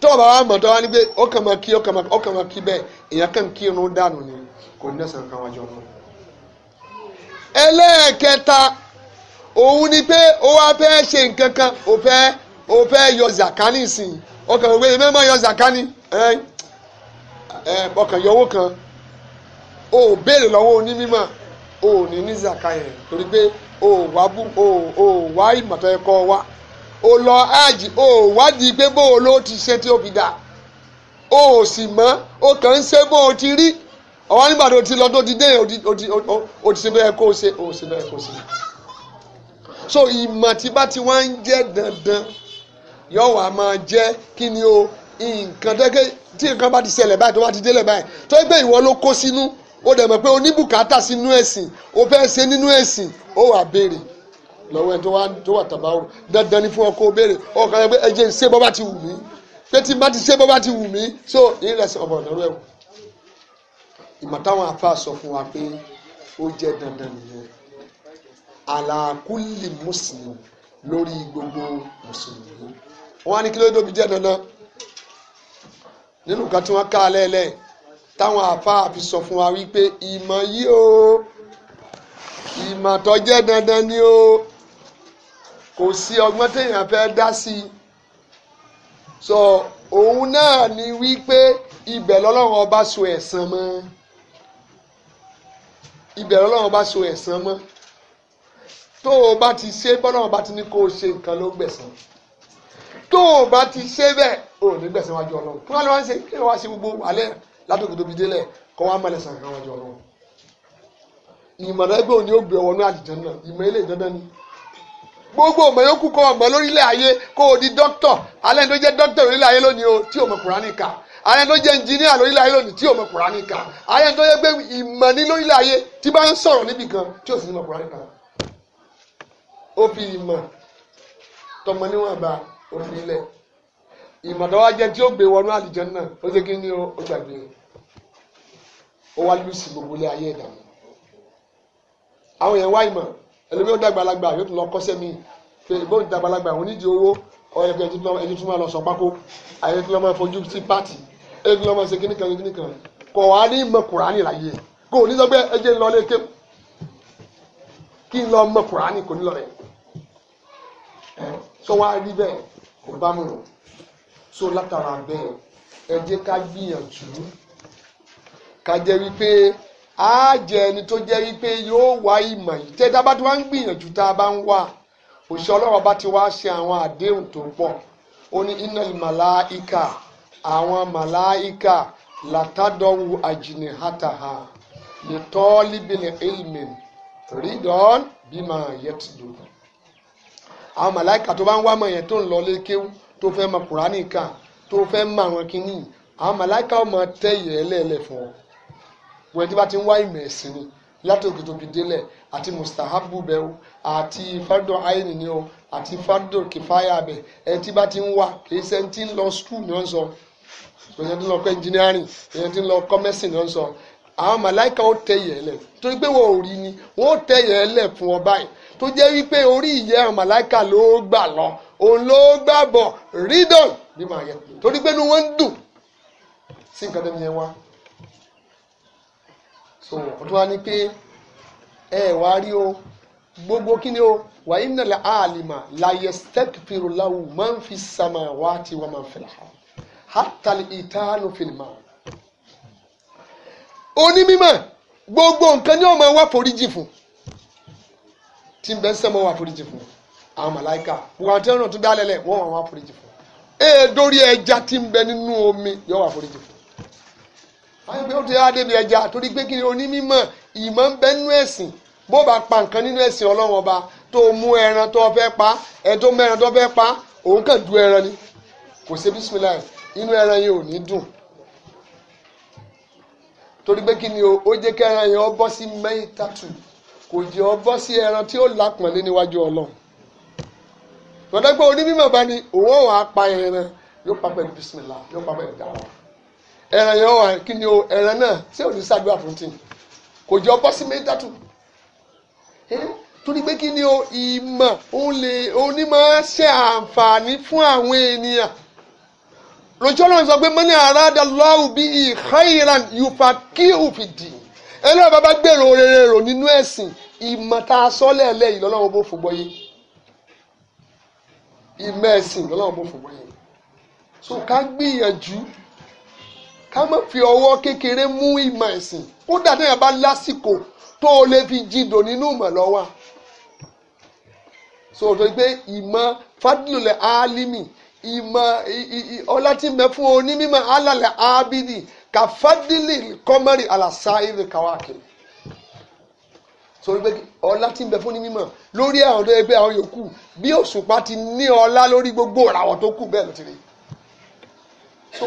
tó o bá wà mọ̀ tó ní pé irun dànù ni kò ní kan òun ni pé ó wá fẹ́ ṣe nǹkan kan ó fẹ́ ó fẹ́ yọ zakani sìn ọkàn òwe èmi máa yọ zakani ọkàn yọwọ́ kan o ò béèrè lọ́wọ́ onímọ̀ o ò ní ní zaka yẹn torí pé o ò wá bú o ò wá ìmọ̀tọ́ ẹ̀kọ́ wa o lọ ájì o wádìí pé bó o ló ti ṣe tí o fi dà o ò sì mọ́ o kàn ń ṣe bó o ti rí ọ̀wá nígbà tó ti lọ tó ti dé o ti ṣe bẹ́ẹ̀ kó o ṣe o ṣe bẹ́ẹ̀ kó o ṣe so ìmọ̀ tí bá ti wá ń jẹ́ dandan yóò wá máa jẹ́ kí ni o nǹkan tẹ́kẹ́ tí nǹkan bá ti ṣẹlẹ̀ báyìí tó bá ti délẹ̀ báyìí tó ń pè ìwọ ló kó sínú ó dẹ̀ mọ̀ pé oníbùkátà sínú ẹ̀sìn ó fẹ́ ṣe nínú ẹ̀sìn ó wà béèrè lọ́wọ́ ẹni tó wà tó wà tàbá o dandan ni fún ọkọ béèrè ọkọ yẹn pé ẹ jẹ́ ṣé bọ́ bá ti wù mí pé tí bá ti ṣé bọ́ bá ti wù mí so ìrẹsẹ̀ ọ̀bọ̀ ọ̀dọ́rọ̀ ẹ̀wọ̀ ìmọ̀ táwọn afá sọ fún wa pé ó àlàkùnlé mùsùlùmí lórí gbogbo mùsùlùmí wọn á ní kí ló dóbi jẹ́ dandan nínú nǹkan tí wọ́n ká alẹ́ lẹ̀ táwọn àfáà fi sọ fún wa wípé ìmọ̀ yìí o ìmọ̀ tó jẹ́ dandan ni o kò sí ọgbọ́n téèyàn fẹ́ dá sí i sọ òun náà ni wípé ibẹ̀ lọ́lọ́run ọba so ẹ̀san mọ́ ibẹ̀ lọ́lọ́run ọba so ẹ̀san mọ́ tó o bá ti ṣe bọ́lá wọn bá ti ní kó o ṣe nǹkan ló gbẹ̀san tó o bá ti ṣe bẹ́ẹ̀ o ò ní gbẹ̀san wájú ọlọ́run kí wọ́n lọ́wọ́ ń ṣe kí wọ́n wá ṣe gbogbo alẹ́ látòkè tóbi délẹ̀ kọ́ wá mọ̀lẹ́ sàn kan wájú ọlọ́run ìmọ̀ràn ẹgbẹ́ òní ó gbé ọwọ́ ní àdìjọ́ náà ìmọ̀ ilé ìdandan ni gbogbo ọmọ yòókù kọ́ ọmọ lórílẹ̀ ayé kó o di dókítọ̀ alẹ́ tó jẹ́ dókítọ̀ lórílẹ̀ ayé lónìí o tí o mọ̀ kùránì kà alẹ́ tó jẹ́ ẹnjìníà lórílẹ̀ ayé lónìí tí o mọ̀ kùránì kà alẹ́ tó jẹ́ pé ìmọ̀ ní lórílẹ̀ ayé tí bá ń sọ̀rọ̀ níbì kan tí o sì ní mọ̀ kùránì kà ó fi ìmọ̀ tọmọ níwọ̀nba ó fi ilẹ̀ ìmọ̀ tó wá jẹ́ tí ó gbé wọnú àlùjánnà ó ṣe kí ni ó gbàgbé ó wá lùsì gbogbo ilé ayé ẹ̀dá mi àwọn yẹn wá ìmọ̀ ẹlòmíì ó dàgbàlagbà yóò tún lọ kọ́sẹ́ mi pé ìbọn ìdàgbàlagbà òun nídìí owó ọyọ pé ẹni tún máa lọ sọ pákó àyè tún máa fojú sí pàtì ẹni tún máa ṣe kíní kan kíní kan kọ̀ wá ní ìmọ̀ kùránì láyé kò ní sọ pé ẹ jẹ́ ń lọ lé ké kí n lọ mọ̀ kùránì kò ní lọ rẹ̀ tó wá rí bẹ́ẹ̀ kò bá mu rò so látara bẹ́ẹ̀ ẹ jẹ́ ká gbìyànjú ká jẹ́ wípé á jẹ́ ẹni tó jẹ́ wípé yóò wá ìmọ̀ yìí tẹ́ dábàá tí wọ́n ń gbìyànjú tá a bá ń wà òṣìṣẹ́ ọlọ́run bá ti wá ṣe àwọn àdéhùn tó pọ̀ ó ní inal màláìka àwọn màláìka látàdọ̀wù àjìnìhàtàhà lè tọ́ líbìlì ilmin rídọ́n bímọ yẹtìlú àwọn màláìka tó bá ń wá mọ̀ yẹn tó ń lọ lé kéwú tó fẹ́ mọ kùránì kà tó fẹ́ mọ àwọn kìíní àwọn màláìka ọmọ tẹ́ ìyẹn ẹlẹ́ẹ̀lẹ̀ fún ọ wọ́n ti bá ti ń wá ìmọ̀ ẹ̀sìn ni látòkè tóbi délẹ̀ àti mustahabu bẹ́ẹ̀ o àti fardo aini ni o àti fardo kìfáyà bẹ̀ ẹ ti bá ti ń wá kìí ṣe ti ń lọ skul ni wọ́n sọ ìyẹn ti ń lọ kọ́ engineering ìyẹn ti ń lọ kọ́ ni wọ́n sọ àwọn màláìka ó tẹ́ ìyẹn lẹ̀ torí pé wọ́n ò rí ni wọ́n ó tẹ́ ìyẹn lẹ̀ fún ọ báyìí tó jẹ́ wípé orí ìyẹ́ àwọn màláìka ló gbà lọ òun ló gbà bọ̀ rídọ̀n bí màá torí pé inú wọn ń dùn sí nǹkan tó ń yẹ wá. so ó tún wá ní pé ẹ wá rí o gbogbo kí ni o wà á nà àlìmà láyé step fìrò láwù máa ń fi sàmà wá tí wọ́n máa ń hátàlì ìtàánù fìlìmà. onímọ̀ gbogbo nǹkan ni wọ́n máa wá foríjì fún tí ń bẹ sẹ́mọ̀ wà foríjì fún àwọn màláìka gbogbo àwọn tí wọ́n tún bẹ́ alẹ́ lẹ̀ wọ́n wà wọ́n foríjì fún ee dórí ẹja tí ń bẹ nínú omi yọ wà foríjì fún. àwọn ìgbẹ́ òtún yára débi ẹja torí pé kí ni onímọ̀ ìmọ̀ ń bẹ nínú ẹ̀sìn bó bá pa nǹkan nínú ẹ̀sìn ọlọ́run ọba tó mú ẹran tó fẹ́ pa ẹ tó mẹ́ran tó fẹ́ pa òun kàn du ẹran ni kò ṣe bísímìlà inú ẹran yìí ò ní dùn torí pé kí ni o ó jẹ́ kẹ́ran yẹn ọ bọ́ sí mẹ́ta tù kò jẹ́ ọ bọ́ sí ẹran tí ó lápọ̀nlé níwájú ọlọ́run gbọdọgbọ onímọ̀ bá ní òun ọ̀hún apá ẹran yóò pa pẹ̀lú bisimilá yóò pa pẹ̀lú dára ẹran yẹn wà kí ni o ẹran náà ṣé ò ní ṣàdúrà fún tì kò jẹ́ ọ sí mẹ́tàtù torí pé kí ni o ìmọ̀ onímọ̀ ṣe àǹfààní fún àwọn ènìyàn lójú ọlọ́run sọ pé mọ́ni àràdà lọ́wọ́ bíi khairan yufakihu fid din ẹlẹ́wọ̀n bàbá gbèrò rere rò nínú ẹ̀sìn ìmọ̀ tá a sọ lẹ́ẹ̀lẹ́ yìí lọ́lọ́run bó fògbọ́ yé ìmọ̀ ẹ̀sìn lọ́lọ́run bó fògbọ́ yé so ká gbìyànjú ká má fi ọwọ́ kékeré mú ìmọ̀ ẹ̀sìn ó dàdé yẹn bá lásìkò tó o lè fi jìndò nínú ìmọ̀ lọ́wọ́ so o tó gbé ìmọ̀ fadilolẹ̀ alimi ìmọ̀ ọlá tí mẹ́ fún onímọ̀ alálẹ̀ abidi kàfádìlì kọ́mẹ́rì àlàsá ìrìn kàwáàkì sori pé ọlá tí ń bẹ fún ní mímọ̀ lórí àwọn tó yẹ pé àwọn yòókù bí òṣùpá ti ní ọlá lórí gbogbo ìràwọ̀ tó kù bẹ́ẹ̀ ló ti rí so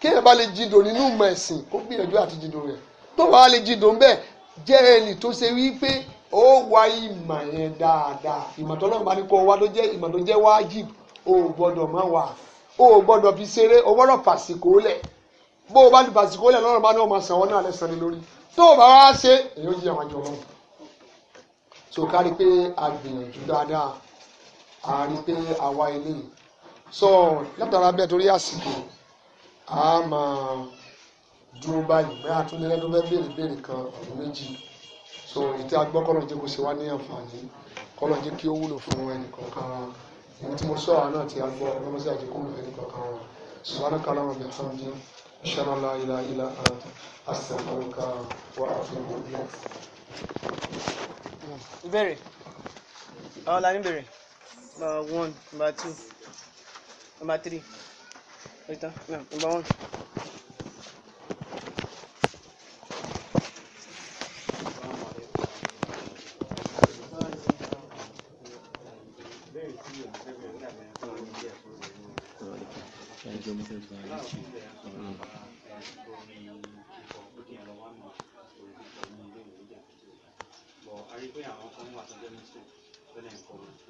kéèyàn bá lè jìndò nínú ìmọ̀ ẹ̀sìn kó gbìyànjú àti jìndò rẹ̀ tó bá lè jìndò ńbẹ jẹ́ ẹni tó ṣe wí pé ó wá ìmọ̀ yẹn dáadáa ìmọ̀ tó náà bá ní kó wá tó jẹ́ ìmọ̀ tó jẹ́ o gbọ́dọ̀ má wà o gbọ́dọ̀ fi ṣeré o gbọ́dọ̀ fàṣìkò lẹ̀ bó o bá ti bàtìkó lẹ̀ lọ́rùn bá ní ọmọ sàn wọn náà lẹ́sàn-án ní lórí tó o bá wá ṣe èyí ó yí àwọn àjọ ọlọ́run so kárí pé a gbìyànjú dáadáa a rí pé a wá ilé yìí so látara bẹ́ẹ̀ torí àsìkò a máa dúró báyìí bẹ́ẹ̀ àtúndínlẹ́dún bẹ́ẹ̀ béèrè béèrè kan ọ̀rọ̀ méjì so ìtí agbọ́ kọ́lọ̀ jẹ́ kó ṣe wá ní àǹfààní kọ́lọ̀ jẹ́ kí ó wúlò fún ẹnì kọ̀ọ̀kan wa ìwé tí mo sọ àwọn náà ti agbọ́ ọlọ́mọṣẹ́ àjẹkùn ẹnì kọ̀ọ̀kan wa subhanaka Allahumma wa bihamdika. أشهد أن لا إله إلا أنت أستغفرك وأتوب إليك. ìbéèrè àwọn la ní number one number two number three number one. ẹjọ́ mo